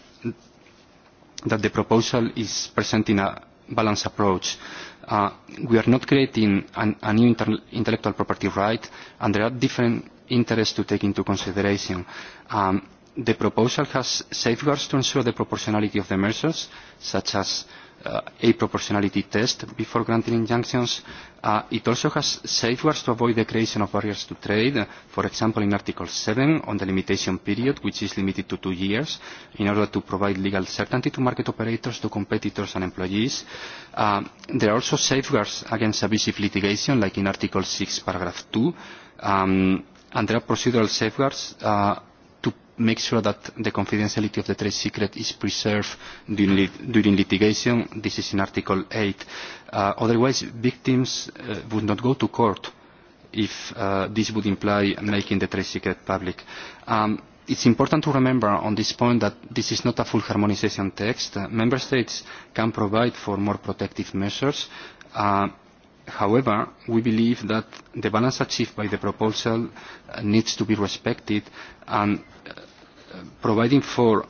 that the proposal is presenting a balanced approach. Uh, we are not creating an, a new inter intellectual property right, and there are different interest to take into consideration. Um, the proposal has safeguards to ensure the proportionality of the measures, such as uh, a proportionality test before granting injunctions. Uh, it also has safeguards to avoid the creation of barriers to trade, for example in Article 7 on the limitation period, which is limited to two years, in order to provide legal certainty to market operators, to competitors and employees. Uh, there are also safeguards against abusive litigation, like in Article 6, paragraph 2. Um, under procedural safeguards uh, to make sure that the confidentiality of the trade secret is preserved during, lit during litigation. This is in Article 8. Uh, otherwise, victims uh, would not go to court if uh, this would imply making the trade secret public. Um, it's important to remember on this point that this is not a full harmonization text. Uh, member states can provide for more protective measures. Uh, however we believe that the balance achieved by the proposal uh, needs to be respected and uh, providing for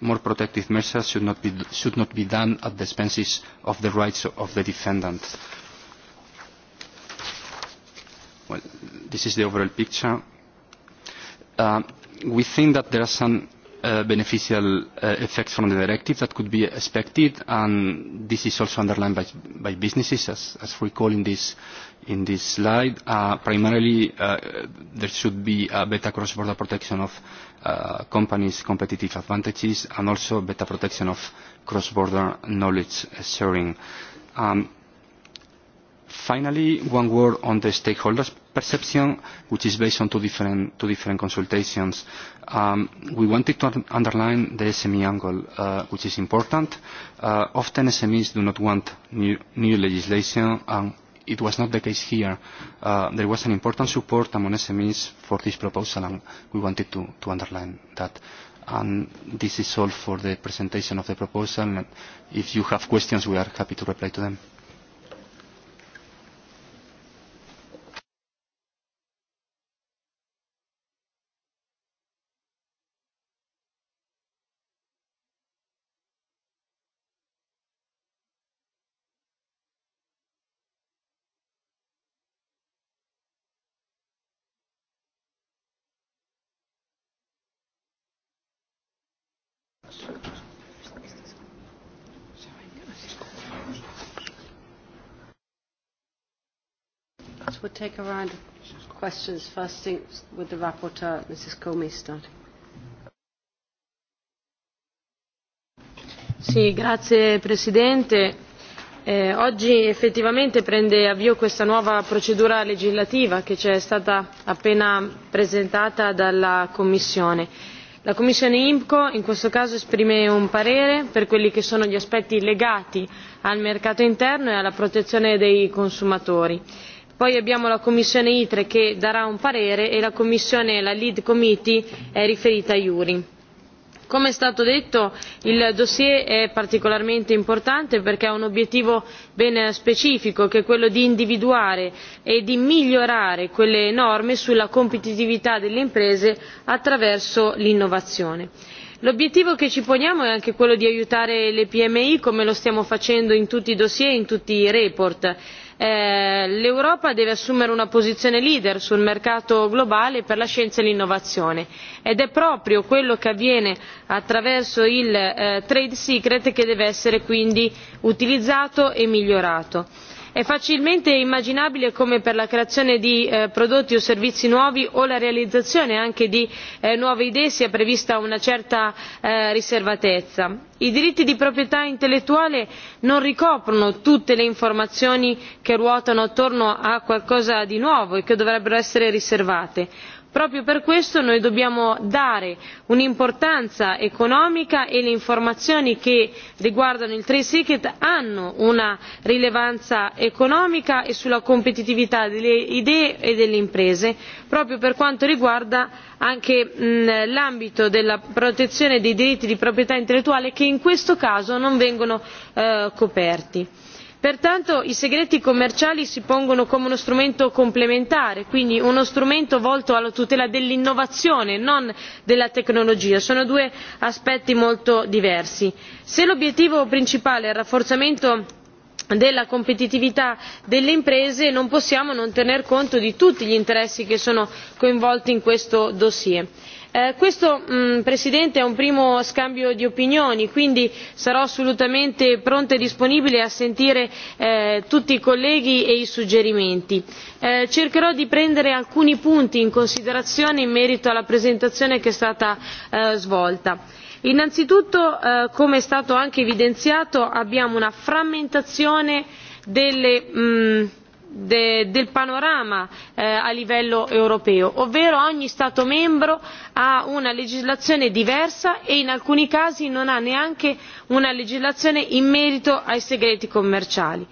more protective measures should not be, should not be done at the expense of the rights of the defendant. Well, this is the overall picture. Uh, we think that there are some uh, beneficial uh, effects from the directive that could be expected, and this is also underlined by, by businesses, as, as we call in this, in this slide. Uh, primarily, uh, there should be a better cross-border protection of uh, companies' competitive advantages, and also better protection of cross-border knowledge sharing. Um, finally, one word on the stakeholders' perception, which is based on two different, two different consultations. Um, we wanted to un underline the SME angle, uh, which is important. Uh, often SMEs do not want new, new legislation, and it was not the case here. Uh, there was an important support among SMEs for this proposal, and we wanted to, to underline that. And this is all for the presentation of the proposal. And if you have questions, we are happy to reply to them. take a round of questions. First, think with the rapporteur, Mrs. Comey, start. Sì, grazie Presidente. Eh, oggi effettivamente prende avvio questa nuova procedura legislativa che ci è stata appena presentata dalla Commissione. La Commissione IMCO in questo caso esprime un parere per quelli che sono gli aspetti legati al mercato interno e alla protezione dei consumatori poi abbiamo la commissione itre che darà un parere e la commissione la lead committee è riferita a juri. come è stato detto il dossier è particolarmente importante perché ha un obiettivo ben specifico che è quello di individuare e di migliorare quelle norme sulla competitività delle imprese attraverso l'innovazione. l'obiettivo che ci poniamo è anche quello di aiutare le pmi come lo stiamo facendo in tutti i dossier e in tutti i relazioni. Eh, l'europa deve assumere una posizione leader sul mercato globale per la scienza e l'innovazione ed è proprio quello che avviene attraverso il eh, trade secret che deve essere quindi utilizzato e migliorato è facilmente immaginabile come per la creazione di eh, prodotti o servizi nuovi o la realizzazione anche di eh, nuove idee sia prevista una certa eh, riservatezza. i diritti di proprietà intellettuale non ricoprono tutte le informazioni che ruotano attorno a qualcosa di nuovo e che dovrebbero essere riservate proprio per questo noi dobbiamo dare un'importanza economica e le informazioni che riguardano il trade secret hanno una rilevanza economica e sulla competitività delle idee e delle imprese proprio per quanto riguarda anche l'ambito della protezione dei diritti di proprietà intellettuale che in questo caso non vengono eh, coperti pertanto i segreti commerciali si pongono come uno strumento complementare quindi uno strumento volto alla tutela dell'innovazione non della tecnologia sono due aspetti molto diversi. se l'obiettivo principale è il rafforzamento della competitività delle imprese non possiamo non tener conto di tutti gli interessi che sono coinvolti in questo dossier. Eh, questo mm, presidente è un primo scambio di opinioni quindi sarò assolutamente pronta e disponibile a sentire eh, tutti i colleghi e i suggerimenti. Eh, cercherò di prendere alcuni punti in considerazione in merito alla presentazione che è stata svolta. innanzitutto come è stato anche evidenziato abbiamo una frammentazione delle mm, del panorama eh, a livello europeo ovvero ogni stato membro ha una legislazione diversa e in alcuni casi non ha neanche una legislazione in merito ai segreti commerciali.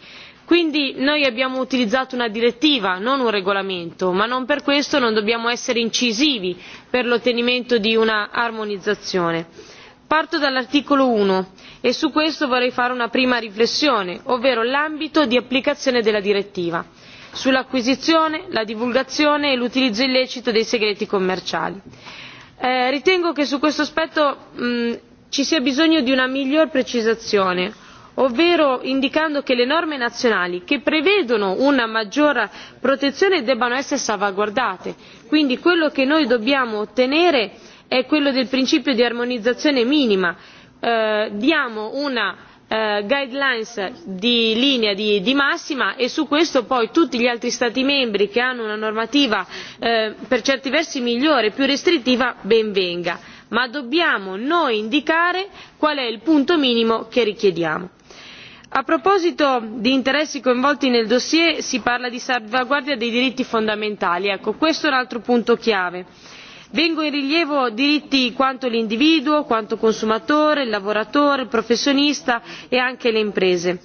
quindi noi abbiamo utilizzato una direttiva non un regolamento ma non per questo non dobbiamo essere incisivi per l'ottenimento di un'armonizzazione parto dall'articolo uno e su questo vorrei fare una prima riflessione ovvero l'ambito di applicazione della direttiva sull'acquisizione la divulgazione e l'utilizzo illecito dei segreti commerciali. Eh, ritengo che su questo aspetto ci sia bisogno di una miglior precisazione ovvero indicando che le norme nazionali che prevedono una maggiore protezione debbano essere salvaguardate quindi quello che noi dobbiamo ottenere è quello del principio di armonizzazione minima eh, diamo una eh, guideline di linea di massima e su questo poi tutti gli altri stati membri che hanno una normativa eh, per certi versi migliore più restrittiva ben venga ma dobbiamo noi indicare qual è il punto minimo che richiediamo. a proposito di interessi coinvolti nel dossier si parla di salvaguardia dei diritti fondamentali ecco questo è un altro punto chiave vengono in rilievo diritti quanto l'individuo quanto il consumatore il lavoratore il professionista e anche le imprese.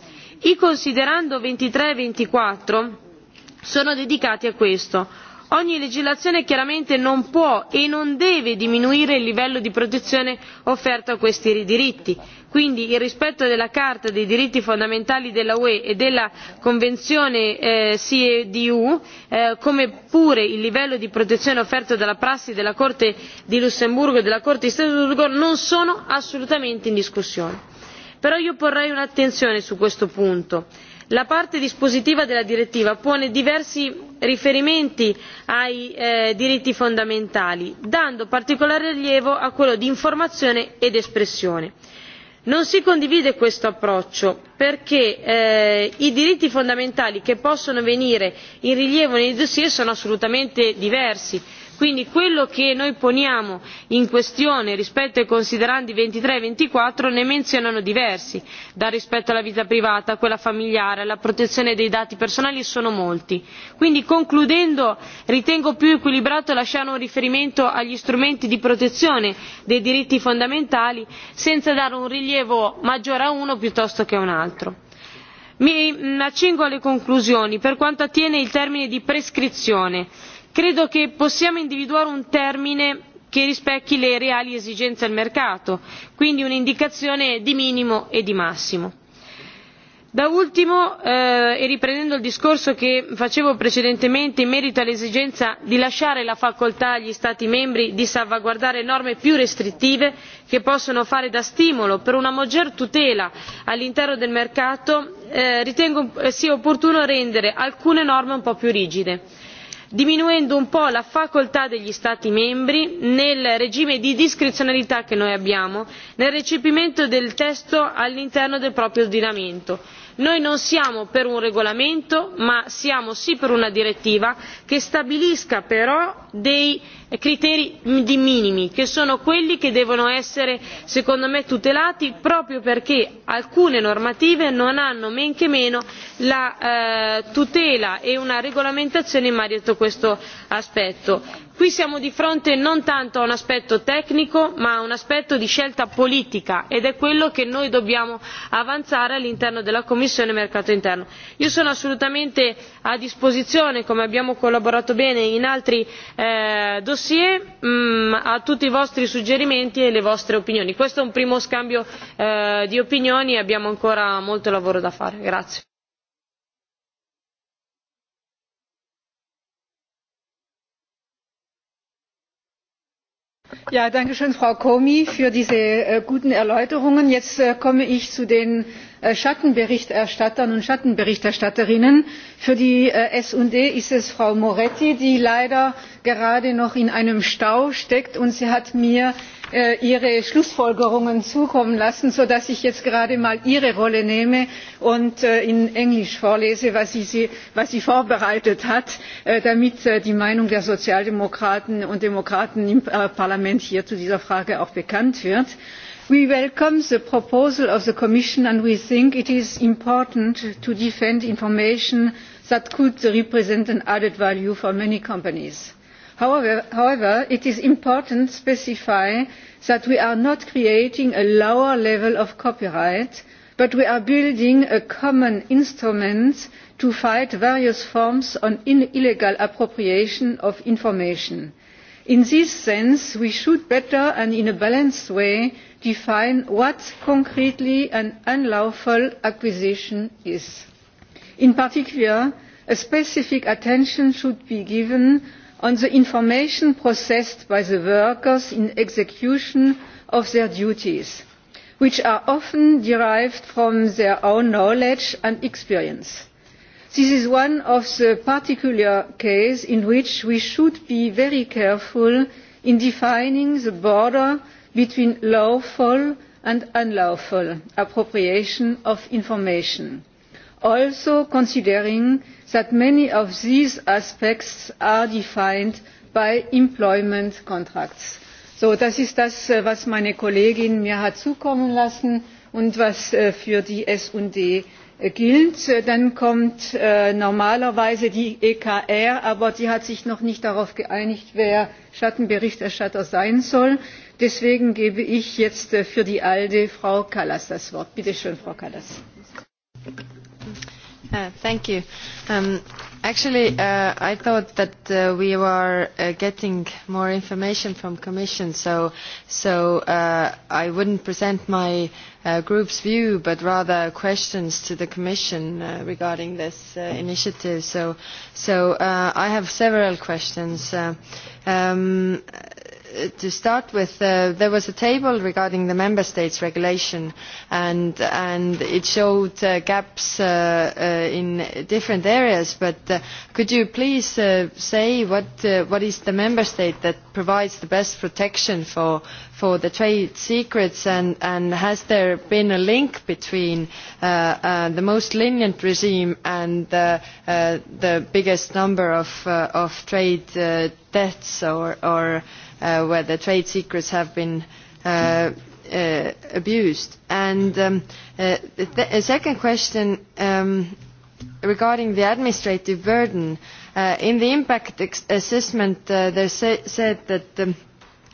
i considerando ventitré e ventiquattro sono dedicati a questo ogni legislazione chiaramente non può e non deve diminuire il livello di protezione offerto a questi diritti quindi il rispetto della carta dei diritti fondamentali dell'ue e della convenzione eh, cedu eh, come pure il livello di protezione offerto dalla prassi della corte di lussemburgo e della corte di strasburgo non sono assolutamente in discussione. però io porrei un'attenzione su questo punto la parte dispositiva della direttiva pone diversi riferimenti ai eh, diritti fondamentali dando particolare rilievo a quello di informazione ed espressione. non si condivide questo approccio perché eh, i diritti fondamentali che possono venire in rilievo nei dossier sono assolutamente diversi quindi quello che noi poniamo in questione rispetto ai considerando ventitré e ventiquattro ne menzionano diversi dal rispetto alla vita privata a quella familiare alla protezione dei dati personali e sono molti. quindi concludendo ritengo più equilibrato lasciare un riferimento agli strumenti di protezione dei diritti fondamentali senza dare un rilievo maggiore a uno piuttosto che a un altro mi accingo alle conclusioni per quanto attiene il termine di prescrizione credo che possiamo individuare un termine che rispecchi le reali esigenze del mercato quindi un'indicazione di minimo e di massimo da ultimo eh, e riprendendo il discorso che facevo precedentemente in merito all'esigenza di lasciare la facoltà agli stati membri di salvaguardare norme più restrittive che possono fare da stimolo per una maggior tutela all'interno del mercato eh, ritengo eh, sia opportuno rendere alcune norme un po' più rigide diminuendo un po' la facoltà degli stati membri nel regime di discrezionalità che noi abbiamo nel recepimento del testo all'interno del proprio ordinamento noi non siamo per un regolamento ma siamo sì per una direttiva che stabilisca però dei criteri di minimi che sono quelli che devono essere secondo me tutelati proprio perché alcune normative non hanno men che meno la eh, tutela e una regolamentazione in merito a questo aspetto qui siamo di fronte non tanto a un aspetto tecnico ma a un aspetto di scelta politica ed è quello che noi dobbiamo avanzare all'interno della commissione mercato interno. io sono assolutamente a disposizione come abbiamo collaborato bene in altri eh, dossier mm, a tutti i vostri suggerimenti e le vostre opinioni. questo è un primo scambio eh, di opinioni e abbiamo ancora molto lavoro da fare. Ja, danke schön frau comi für diese äh, guten erläuterungen. jetzt äh, komme ich zu den äh, schattenberichterstattern und schattenberichterstatterinnen. für die sd ist es frau moretti die leider gerade noch in einem stau steckt und sie hat mir Äh, ihre schlussfolgerungen zukommen lassen sodass ich jetzt gerade mal ihre rolle einnehme und äh, in englisch vorlese was sie vorbereitet hat äh, damit die meinung der sozialdemokraten und demokraten im parlament hier zu dieser frage auch bekannt wird we welcome the proposal of the commission and we think it is important to defend information that could represent an added value for many companies however it is important to specify that we are not creating a lower level of copyright but we are building a common instrument to fight various forms of illegal appropriation of information. in this sense we should better and in a balanced way define what concretely an unlawful acquisition is. in particular specific attention should be given on the information processed by the workers in execution of their duties which are often derived from their own knowledge and experience. this is one of the particular cases in which we should be very careful in defining the border between lawful and unlawful appropriation of information also considering that many of these aspects are defined by employment contracts. das ist das äh, was meine kollegin mir hat zukommen lassen und was äh, für die sd äh, gilt. dann kommt normalerweise die ekr aber die hat sich noch nicht darauf geeinigt wer schattenberichterstatter sein soll. deswegen gebe ich jetzt für die alde frau kallas das wort. bitte schön frau kallas! Uh, thank you um, actually uh, i thought that uh, we were getting more information from the commission so i wouldn't present my group's view but rather questions to the commission regarding this initiative so i have several questions. Um, to start with, uh, there was a table regarding the member states' regulation, and, and it showed uh, gaps uh, uh, in different areas. But uh, could you please uh, say what, uh, what is the member state that provides the best protection for, for the trade secrets, and, and has there been a link between uh, uh, the most lenient regime and uh, uh, the biggest number of, uh, of trade uh, debts or? or Uh, where the trade secrets have been uh, uh, abused. And um, uh, the th a second question um, regarding the administrative burden. Uh, in the impact assessment, uh, they sa said that the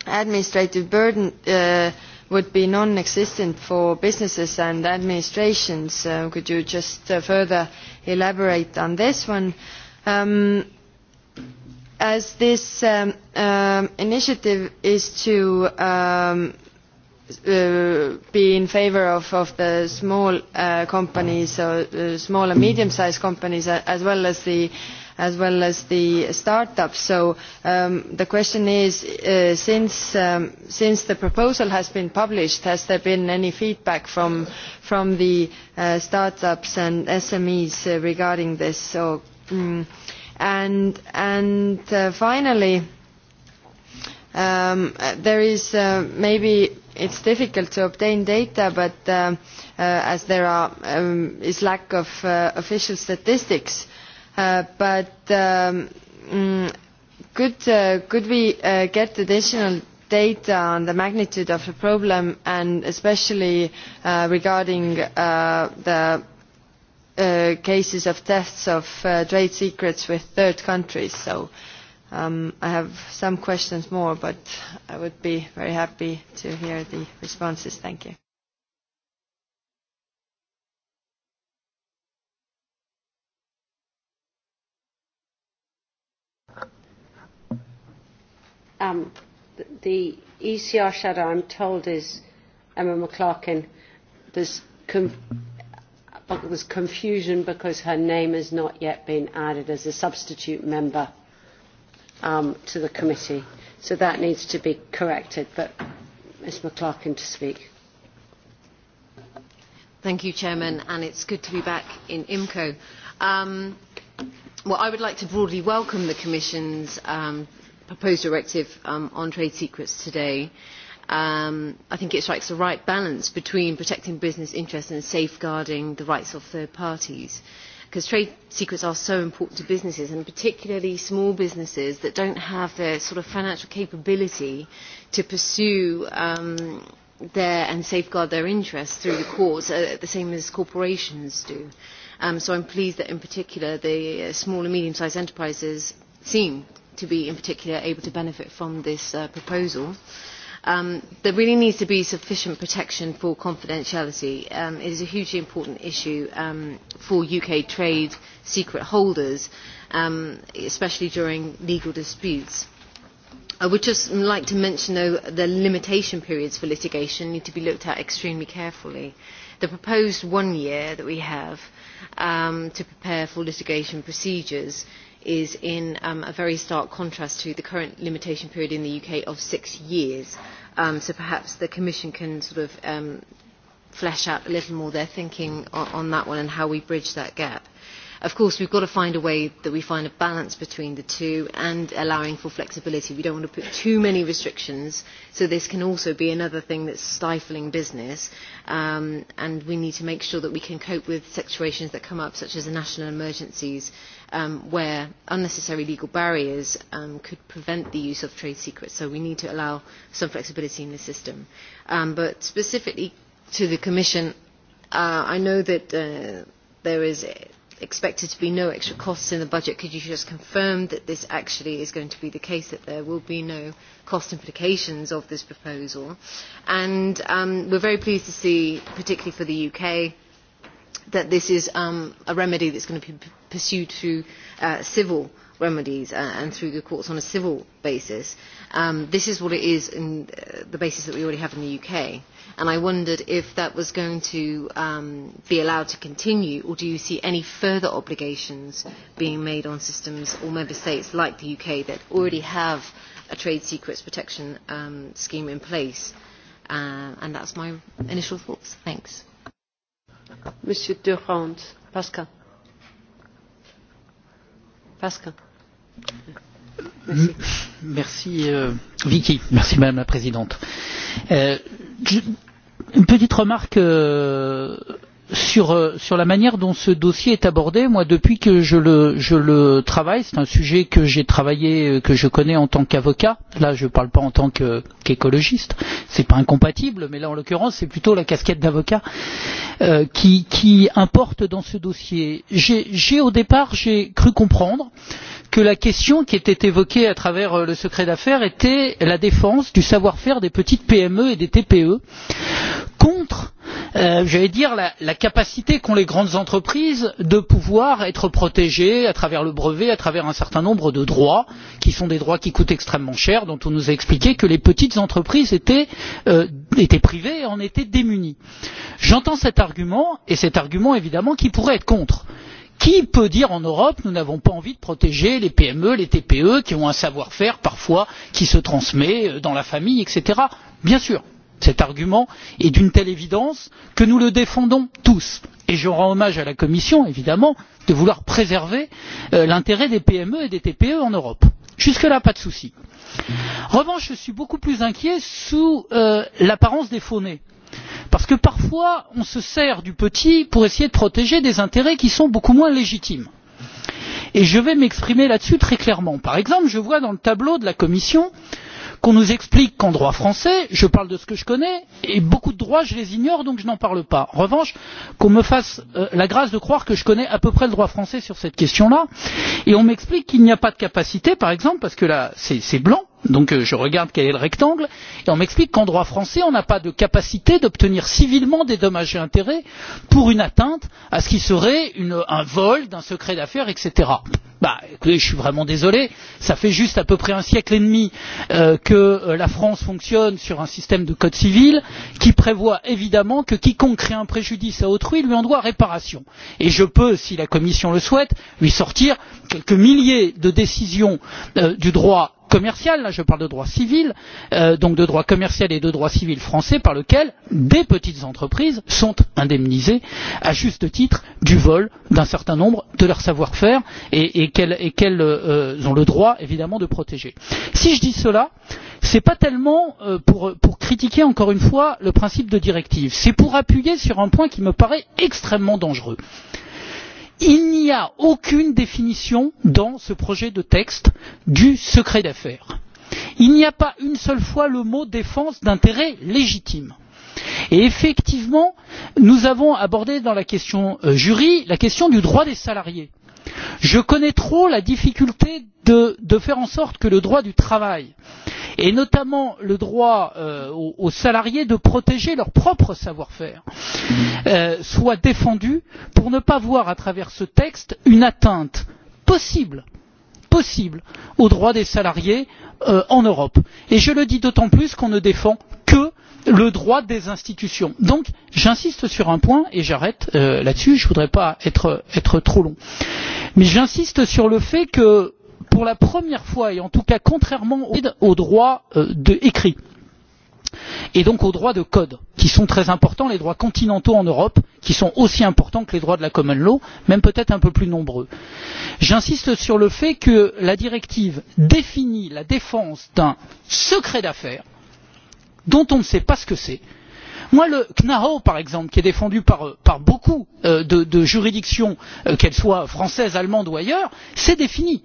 administrative burden uh, would be non-existent for businesses and administrations. Uh, could you just uh, further elaborate on this one? Um, as this um, um, initiative is to um, uh, be in favor of, of the small uh, companies, so the uh, small and medium-sized companies, as well as the as well as the startups. So um, the question is, uh, since um, since the proposal has been published, has there been any feedback from from the uh, startups and SMEs uh, regarding this? So. Um, and and uh, finally um, there is uh, maybe it's difficult to obtain data but uh, uh, as there are um, is lack of uh, official statistics uh, but um, mm, could uh, could we uh, get additional data on the magnitude of the problem and especially uh, regarding uh, the Uh, cases of thefts of uh, trade secrets with third countries. So um, I have some questions more, but I would be very happy to hear the responses. Thank you. Um, the ECR shadow, I'm told, is Emma McClarkin. There's com but was confusion because her name has not yet been added as a substitute member um, to the committee. So that needs to be corrected. But Ms. McLaughlin to speak. Thank you, Chairman, and it's good to be back in IMCO. Um, well, I would like to broadly welcome the Commission's um, proposed directive um, on trade secrets today um, I think it strikes the right balance between protecting business interests and safeguarding the rights of third parties. Because trade secrets are so important to businesses, and particularly small businesses that don't have the sort of financial capability to pursue um, their and safeguard their interests through the courts, uh, the same as corporations do. Um, so I'm pleased that, in particular, the uh, small and medium-sized enterprises seem to be, in particular, able to benefit from this uh, proposal um, there really needs to be sufficient protection for confidentiality. Um, it is a hugely important issue um, for UK trade secret holders, um, especially during legal disputes. I would just like to mention, though, the limitation periods for litigation need to be looked at extremely carefully. The proposed one year that we have um, to prepare for litigation procedures is in um, a very stark contrast to the current limitation period in the UK of six years. Um, so perhaps the Commission can sort of um, flesh out a little more their thinking on, on that one and how we bridge that gap of course, we've got to find a way that we find a balance between the two and allowing for flexibility. We don't want to put too many restrictions, so this can also be another thing that's stifling business. Um, and we need to make sure that we can cope with situations that come up, such as the national emergencies, um, where unnecessary legal barriers um, could prevent the use of trade secrets. So we need to allow some flexibility in the system. Um, but specifically to the Commission, uh, I know that uh, there is expected to be no extra costs in the budget. Could you just confirm that this actually is going to be the case, that there will be no cost implications of this proposal? And um, we're very pleased to see, particularly for the UK, that this is um, a remedy that's going to be p pursued through uh, civil uh, remedies uh, and through the courts on a civil basis. Um, this is what it is in uh, the basis that we already have in the UK. And I wondered if that was going to um, be allowed to continue or do you see any further obligations being made on systems or member states like the UK that already have a trade secrets protection um, scheme in place? Uh, and that's my initial thoughts. Thanks. Monsieur Durand, Pascal. Pascal. Euh, merci madame la présidente euh, une petite remarque à l'intention de mme ashton. Euh, sur la manière dont ce dossier est abordé moi depuis que je le, je le travaille c'est un sujet que j'ai travaillé euh, que je connais en tant qu'avocat là je ne parle pas en tant qu'écologiste qu c'est pas incompatible mais là en l'occurrence c'est plutôt la casquette d'avocat euh, qui, qui importe dans ce dossier j'ai au départ j'ai cru comprendre que la question qui était évoquée à travers euh, le secret d'affaires était la défense du savoir faire des petites PME et des TPE contre euh, Euh, j'allais dire la capacité qu'ont les grandes entreprises de pouvoir être protégées à travers le brevet à travers un certain nombre de droits qui sont des droits qui coûtent extrêmement cher dont on nous a expliqué que les petites entreprises étaient, euh, étaient privées et en étaient démunies. j'entends cet argument et cet argument évidemment qui pourrait être contre. Qui peut dire en Europe nous n'avons pas envie de protéger les PME, les TPE qui ont un savoir-faire parfois qui se transmet euh, dans la famille, etc. Bien sûr, cet argument est d'une telle évidence que nous le défendons tous et je rends hommage à la commission évidemment de vouloir préserver euh, l'intérêt des pme et des tpe en europe. jusque là pas de souci. en revanche je suis beaucoup plus inquiet sous euh, l'apparence des faux nez parce que parfois on se sert du petit pour essayer de protéger des intérêts qui sont beaucoup moins légitimes. Et je vais m'exprimer là-dessus très clairement. Par exemple, je vois dans le tableau de la Commission euh, qu'on nous explique qu'en droit français je parle de ce que je connais et beaucoup de droits je les ignore donc je n'en parle pas en revanche qu'on me fasse euh, la grâce de croire que je connais à peu près le droit français sur cette question là et on m'explique qu'il n'y a pas de capacité par exemple parce que là c'est blanc Donc euh, je regarde quel est le rectangle et on m'explique qu'en droit français, on n'a pas de capacité d'obtenir civilement des dommages et intérêts pour une atteinte à ce qui serait une, un vol d'un secret d'affaires, etc. Bah, écoutez, je suis vraiment désolé, ça fait juste à peu près un siècle et demi euh, que euh, la France fonctionne sur un système de code civil qui prévoit évidemment que quiconque crée un préjudice à autrui lui en doit réparation. Et je peux, si la Commission le souhaite, lui sortir quelques milliers de décisions euh, du droit commercial, là je parle de droit civil, euh, donc de droit commercial et de droit civil français par lequel des petites entreprises sont indemnisées à juste titre du vol d'un certain nombre de leurs savoir-faire et, et qu'elles qu euh, ont le droit évidemment de protéger. Si je dis cela, ce n'est pas tellement euh, pour, pour critiquer encore une fois le principe de directive, c'est pour appuyer sur un point qui me paraît extrêmement dangereux. Euh, il n'y a aucune définition dans ce projet de texte du secret d'affaires. Il n'y a pas une seule fois le mot défense d'intérêt légitime. Et effectivement, nous avons abordé dans la question euh, jury la question du droit des salariés je connais trop la difficulté de, de faire en sorte que le droit du travail et notamment le droit euh, aux salariés de protéger leur propre savoir faire euh, soit défendu pour ne pas voir à travers ce texte une atteinte possible possible aux droits des salariés euh, en Europe. Et je le dis d'autant plus qu'on ne défend le droit des institutions. Donc j'insiste sur un point et j'arrête euh, là dessus je ne voudrais pas être, être trop long mais j'insiste sur le fait que pour la première fois et en tout cas contrairement au, au droit euh, de écrit et donc aux droits de code qui sont très importants les droits continentaux en Europe qui sont aussi importants que les droits de la common law même peut-être un peu plus nombreux j'insiste sur le fait que la directive définit la défense d'un secret d'affaires dont on ne sait pas ce que c'est. Moi, le CNAO, par exemple, qui est défendu par, par beaucoup euh, de, de juridictions, euh, qu'elles soient françaises, allemandes ou ailleurs, c'est défini.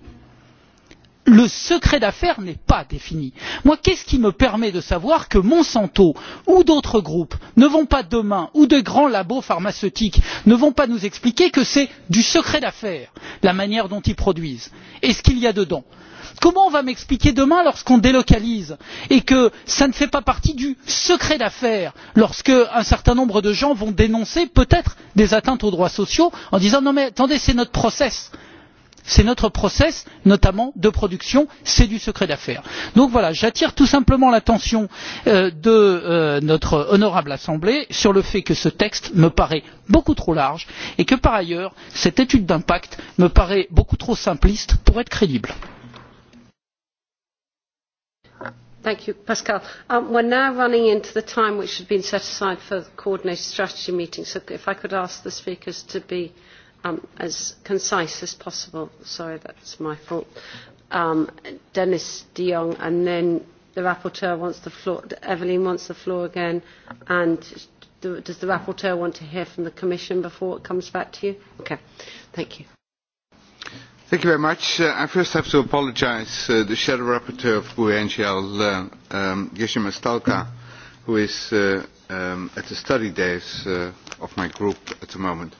Le secret d'affaires n'est pas défini. Moi, qu'est-ce qui me permet de savoir que Monsanto ou d'autres groupes ne vont pas demain, ou de grands labos pharmaceutiques ne vont pas nous expliquer que c'est du secret d'affaires, la manière dont ils produisent, et ce qu'il y a dedans comment on va m'expliquer demain lorsqu'on délocalise et que ça ne fait pas partie du secret d'affaires lorsqu'un certain nombre de gens vont dénoncer peut être des atteintes aux droits sociaux en disant non mais attendez c'est notre process c'est notre process notamment de production c'est du secret d'affaires. donc voilà j'attire tout simplement l'attention euh, de euh, notre honorable assemblée sur le fait que ce texte me paraît beaucoup trop large et que par ailleurs cette étude d'impact me paraît beaucoup trop simpliste pour être crédible pascal um, we are now running into the time which had been set aside for the coordinated strategy meeting so if i could ask the speakers to be um, as concise as possible sorry that is my fault um, denis de jong and then the rapporteur wants the floor evelyne wants the floor again and does the rapporteur want to hear from the commission before it comes back to you? okay thank you. Uh, i first have to apologise to uh, the shadow rapporteur of gue ngl uh, um, gyimie mestalka who is um, at the study days of my group at the moment.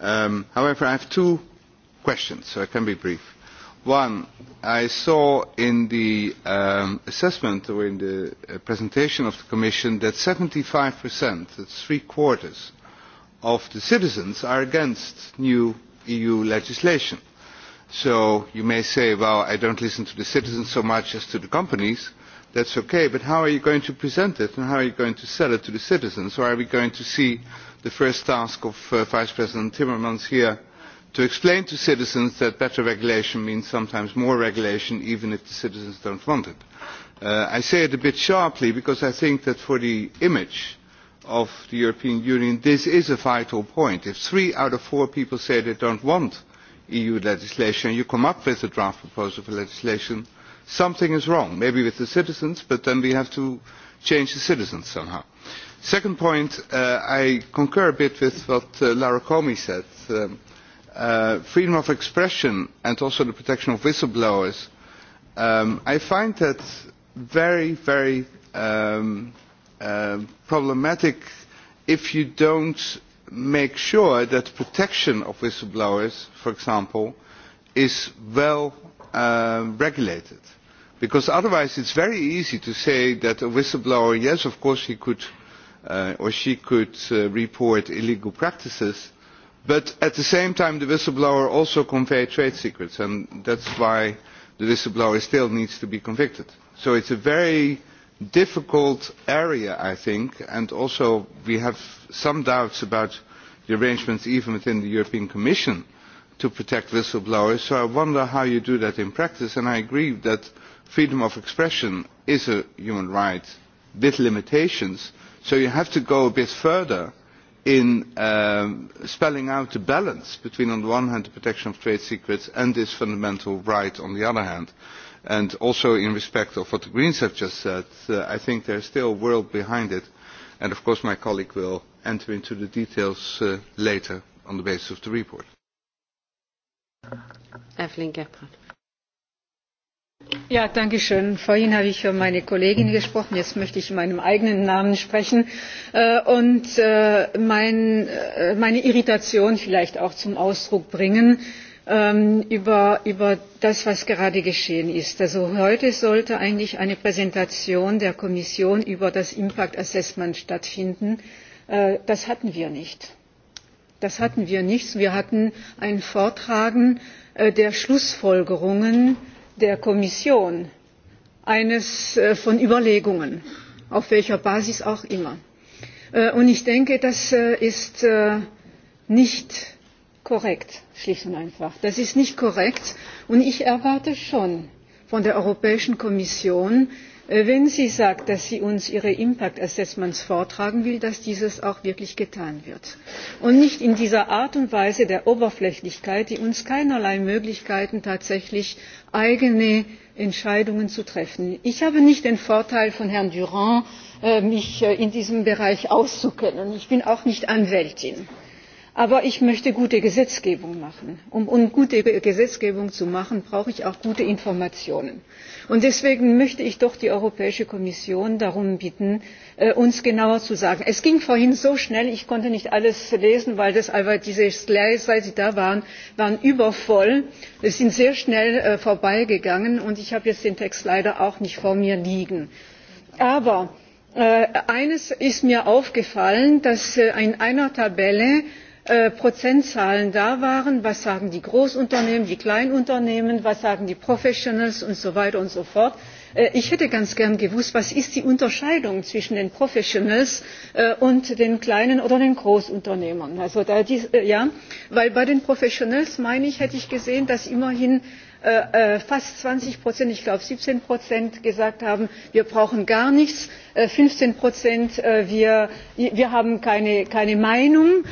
Um, however i have two questions so i can be brief. one i saw in the assessment or in the presentation of the commission that seventy five that is three quarters of the citizens are against new eu legislation so you may say well i don't listen to the citizens so much as to the companies that's okay but how are you going to present it and how are you going to sell it to the citizens or are we going to see the first task of uh, vice president timmermans here to explain to citizens that better regulation means sometimes more regulation even if the citizens don't want it uh, i say it a bit sharply because i think that for the image of the european union this is a vital point if 3 out of 4 people say they don't want eu legislation and you come up with a draft proposal for legislation something is wrong maybe with the citizens but then we have to change the citizens somehow. second point uh, i concur a bit with what uh, lara comey said um, uh, freedom of expression and also the protection of whistleblowers um, i find that very very um, uh, problematic if you don't make sure that the protection of whistle blowers for example is well uh, regulated because otherwise it's very easy to say that a whistle blower yes of course he could uh, or she could uh, report illegal practices but at the same time the whistleblower also convey trade secrets and that's why the whistleblower still needs to be convicted so it's a very uh, difficult area i think and also we have some doubts about the arrangements even within the european commission to protect whistle blowers so i wonder how you do that in practice and i agree that freedom of expression is a human right with limitations so you have to go a bit further in um, spelling out the balance between on the one hand the protection of trade secrets and this fundamental right on the other hand and also in respect of what the greens have just said uh, i think there is still a world behind it and of course my colleague will enter into the details uh, later on the basis of the report. Ja, danke schön. Vorhin habe ich für meine Kollegin gesprochen, jetzt möchte ich in meinem eigenen Namen sprechen äh, und äh, äh, meine Irritation vielleicht auch zum Ausdruck bringen ähm, über, über das, was gerade geschehen ist. Also heute sollte eigentlich eine Präsentation der Kommission über das Impact Assessment stattfinden. Äh, das hatten wir nicht. Das hatten wir nicht. Wir hatten ein Vortragen äh, der Schlussfolgerungen der Kommission, eines äh, von Überlegungen, auf welcher Basis auch immer. Äh, und ich denke, das äh, ist äh, nicht korrekt schlicht und einfach. Das ist nicht korrekt. Und ich erwarte schon von der Europäischen Kommission, äh, wenn sie sagt, dass sie uns ihre Impact Assessments vortragen will, dass dieses auch wirklich getan wird. Und nicht in dieser Art und Weise der Oberflächlichkeit, die uns keinerlei Möglichkeiten tatsächlich eigene Entscheidungen zu treffen. Ich habe nicht den Vorteil von Herrn Durand, äh, mich äh, in diesem Bereich auszukennen. Ich bin auch nicht Anwältin aber ich möchte gute gesetzgebung machen. um, um gute gesetzgebung zu machen brauche ich auch gute informationen und deswegen möchte ich doch die europäische kommission darum bitten äh, uns genauer zu sagen es ging vorhin so schnell ich konnte nicht alles lesen weil diese slides als sie da waren waren übervoll es ist sehr schnell äh, vorbeigegangen und ich habe jetzt den text leider auch nicht vor mir liegen. aber äh, eines ist mir aufgefallen dass in einer tabelle Äh, prozentzahlen da waren was sagen die großunternehmen die kleinunternehmen was sagen die professionals und so weiter und so fort äh, ich hätte ganz gern gewusst was ist die unterscheidung zwischen den professionals äh, und den kleinen oder den großunternehmern? denn ja, bei den professionals meine ich hätte ich gesehen dass immerhin fast zwanzig ich glaube siebzehn gesagt haben wir brauchen gar nichts fünfzehn wir haben keine meinung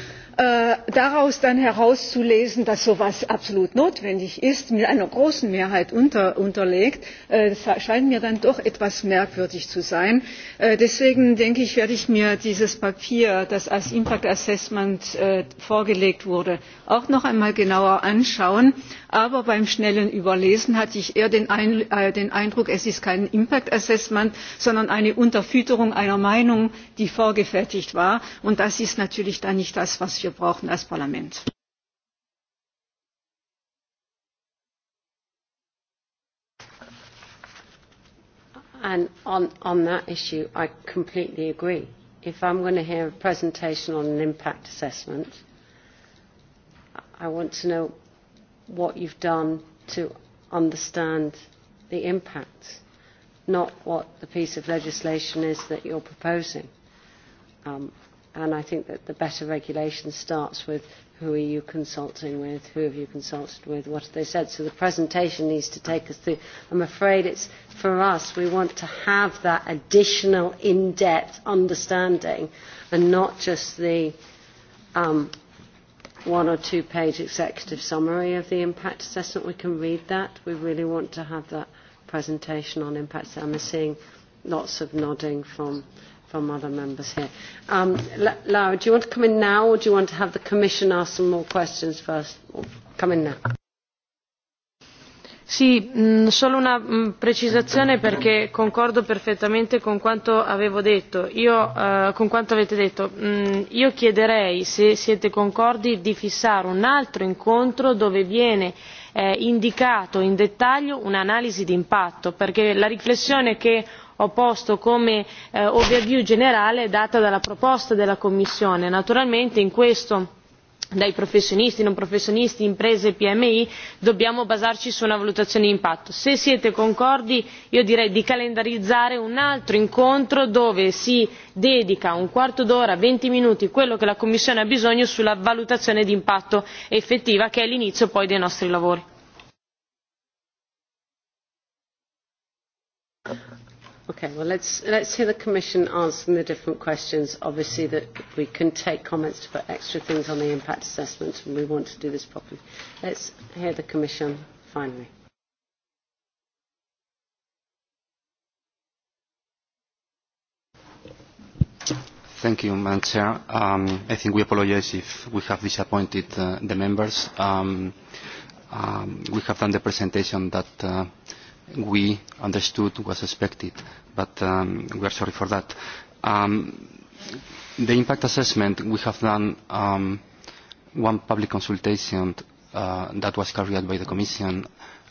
Äh, daraus dann herauszulesen dass so etwas absolut notwendig ist mit einer großen mehrheit unterlegt äh, scheint mir dann doch etwas merkwürdig zu sein. Äh, deswegen denke ich werde ich mir dieses papier das als impact assessment vorgelegt wurde auch noch einmal genauer anschauen aber beim schnellen überlesen hatte ich eher äh, den eindruck es ist kein impact assessment sondern eine unterfütterung einer meinung die vorgefertigt war und das ist natürlich dann nicht das was wir als parlament brauchen what you've done to understand the impact, not what the piece of legislation is that you're proposing. Um, and I think that the better regulation starts with who are you consulting with, who have you consulted with, what have they said. So the presentation needs to take us through. I'm afraid it's for us, we want to have that additional in-depth understanding and not just the um, one or two page executive summary of the impact assessment. We can read that. We really want to have that presentation on impact. I'm seeing lots of nodding from, from other members here. Um, Laura, do you want to come in now or do you want to have the Commission ask some more questions first? Come in now. Mm, solo una mm, precisazione perché concordo perfettamente con quanto eh, avete detto mm, io chiederei se siete concordi di fissare un altro incontro dove viene eh, indicata in dettaglio un'analisi d'impatto perché la riflessione che ho posto come eh, overview generale è data dalla proposta della commissione naturalmente in questo dai professionisti non professionisti imprese e pmi dobbiamo basarci su una valutazione di impatto. se siete concordi io direi di calendarizzare un altro incontro dove si dedica un quarto d'ora venti minuti quello che la commissione ha bisogno alla valutazione di impatto effettiva che è l'inizio poi dei nostri lavori. Well, let's let's hear the Commission answering the different questions. Obviously, that we can take comments to put extra things on the impact assessment, and we want to do this properly. Let's hear the Commission finally. Thank you, Madam Chair. Um, I think we apologise if we have disappointed uh, the members. Um, um, we have done the presentation that. Uh, we understood was expected, but um, we are sorry for that. Um, the impact assessment, we have done um, one public consultation uh, that was carried out by the Commission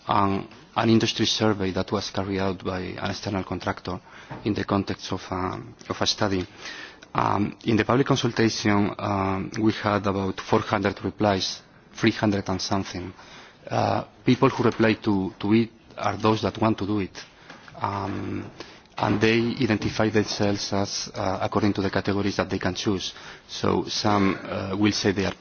and an industry survey that was carried out by an external contractor in the context of, um, of a study. Um, in the public consultation, um, we had about 400 replies, 300 and something. Uh, people who replied to, to it are those that want to do it. Um, and they identify themselves as uh, according to the categories that they can choose. So some uh, will say they are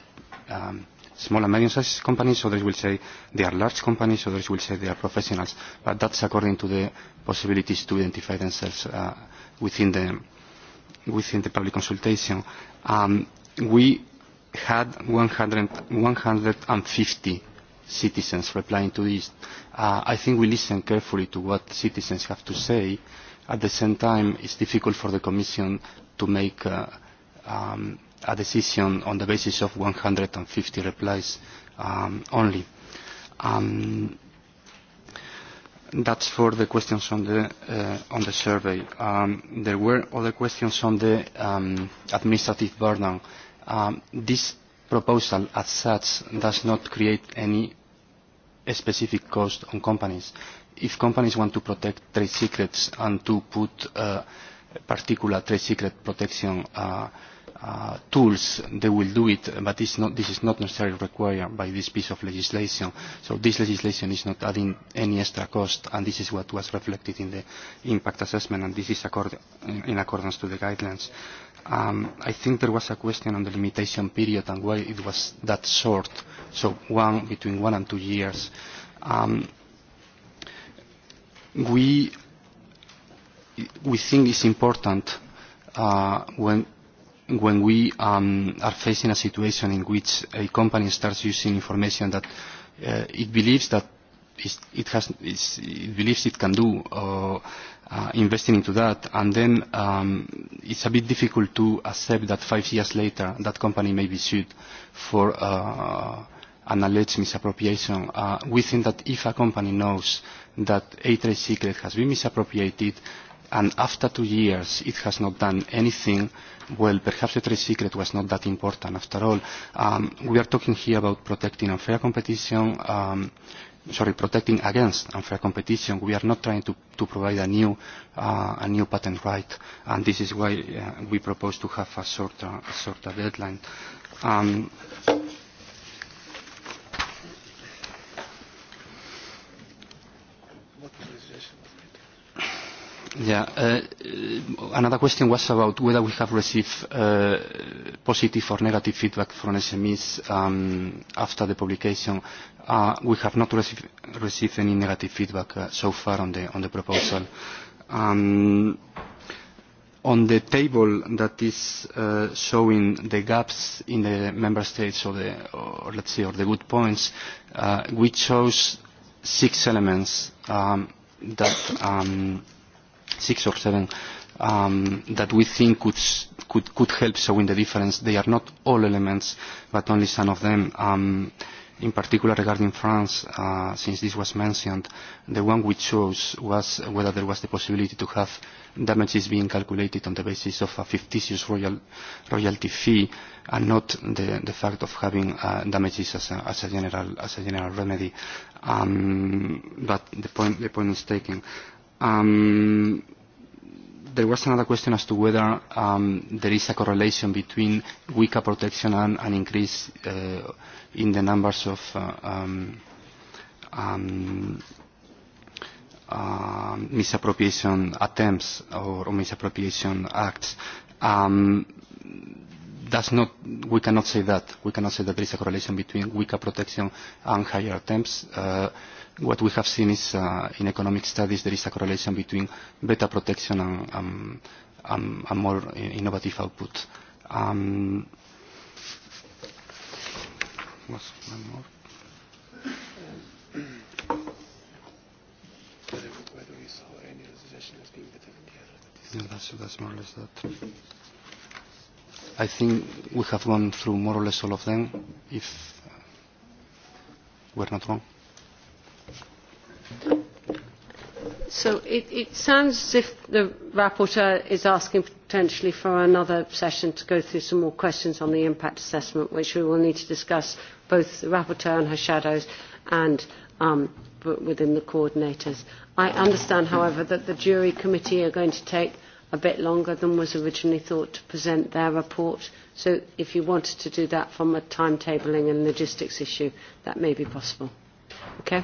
um, small and medium-sized companies, others will say they are large companies, others will say they are professionals. But that's according to the possibilities to identify themselves uh, within, the, within the public consultation. Um, we had 100, 150 citizens replying to this. Uh, I think we listen carefully to what citizens have to say. At the same time, it's difficult for the Commission to make uh, um, a decision on the basis of 150 replies um, only. Um, that's for the questions on the, uh, on the survey. Um, there were other questions on the um, administrative burden. Um, this proposal as such does not create any a specific cost on companies. If companies want to protect trade secrets and to put uh, particular trade secret protection uh, uh, tools, they will do it, but it's not, this is not necessarily required by this piece of legislation. So this legislation is not adding any extra cost, and this is what was reflected in the impact assessment, and this is accord in, in accordance to the guidelines. Um, I think there was a question on the limitation period and why it was that short. Uh, so one, between one and two years. Um, we, we think it's important uh, when when we um, are facing a situation in which a company starts using information that uh, it believes that it, has, it believes it can do uh, uh, investing into that, and then um, it's a bit difficult to accept that five years later that company may be sued for uh, an alleged misappropriation. Uh, we think that if a company knows that a trade secret has been misappropriated and after two years it has not done anything, well, perhaps the trade secret was not that important. After all, um, we are talking here about protecting unfair competition, um, sorry, protecting against unfair competition. We are not trying to, to provide a new, uh, a new patent right, and this is why uh, we propose to have a shorter, a shorter deadline. Um, Uh, uh, another question was about whether we have received uh, positive or negative feedback from SMEs um, after the publication. We have not received any negative feedback so far on the proposal. Um, on the table that is showing the gaps in the member states or the good points, we chose six elements um, that six or seven um, that we think could, could, could help showing the difference. They are not all elements, but only some of them. Um, in particular regarding France, uh, since this was mentioned, the one we chose was whether there was the possibility to have damages being calculated on the basis of a fictitious royal, royalty fee and not the, the fact of having uh, damages as a, as, a general, as a general remedy. Um, but the point, the point is taken. Um, there was another question as to whether um, there is a correlation between weaker protection and an increase uh, in the numbers of uh, um, um, uh, misappropriation attempts or, or misappropriation acts. Um, that's not, we cannot say that. We cannot say that there is a correlation between weaker protection and higher attempts. Uh, what we have seen is uh, in economic studies there is a correlation between better protection and, um, um, and more innovative output. Um, was one more. Yeah, that's, that's more or less that. I think we have gone through more or less all of them, if we're not wrong so it, it sounds as if the rapporteur is asking potentially for another session to go through some more questions on the impact assessment, which we will need to discuss both the rapporteur and her shadows and um, within the coordinators. I understand, however, that the jury committee are going to take a bit longer than was originally thought to present their report. So if you wanted to do that from a timetabling and logistics issue, that may be possible. Okay?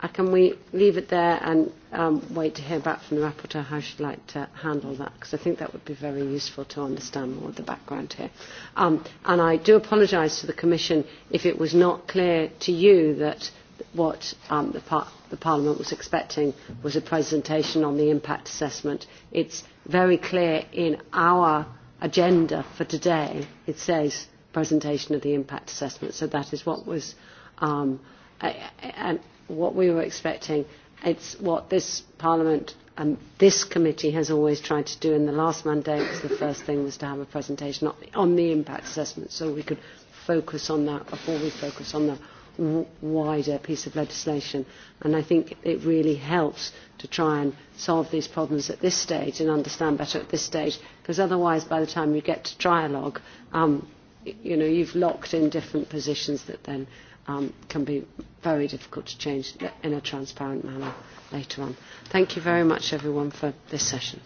Uh, can we leave it there and um, wait to hear back from the rapporteur how she'd like to handle that? Because I think that would be very useful to understand more of the background here. Um, and I do apologise to the Commission if it was not clear to you that what um, the, par- the Parliament was expecting was a presentation on the impact assessment. It's very clear in our agenda for today, it says presentation of the impact assessment. So that is what was. Um, I, I, I, what we were expecting. It's what this Parliament and this committee has always tried to do in the last mandate. The first thing was to have a presentation on the impact assessment so we could focus on that before we focus on the wider piece of legislation. And I think it really helps to try and solve these problems at this stage and understand better at this stage, because otherwise, by the time you get to trialogue, um, you know, you've locked in different positions that then um, can be very difficult to change in a transparent manner later on. Thank you very much, everyone, for this session.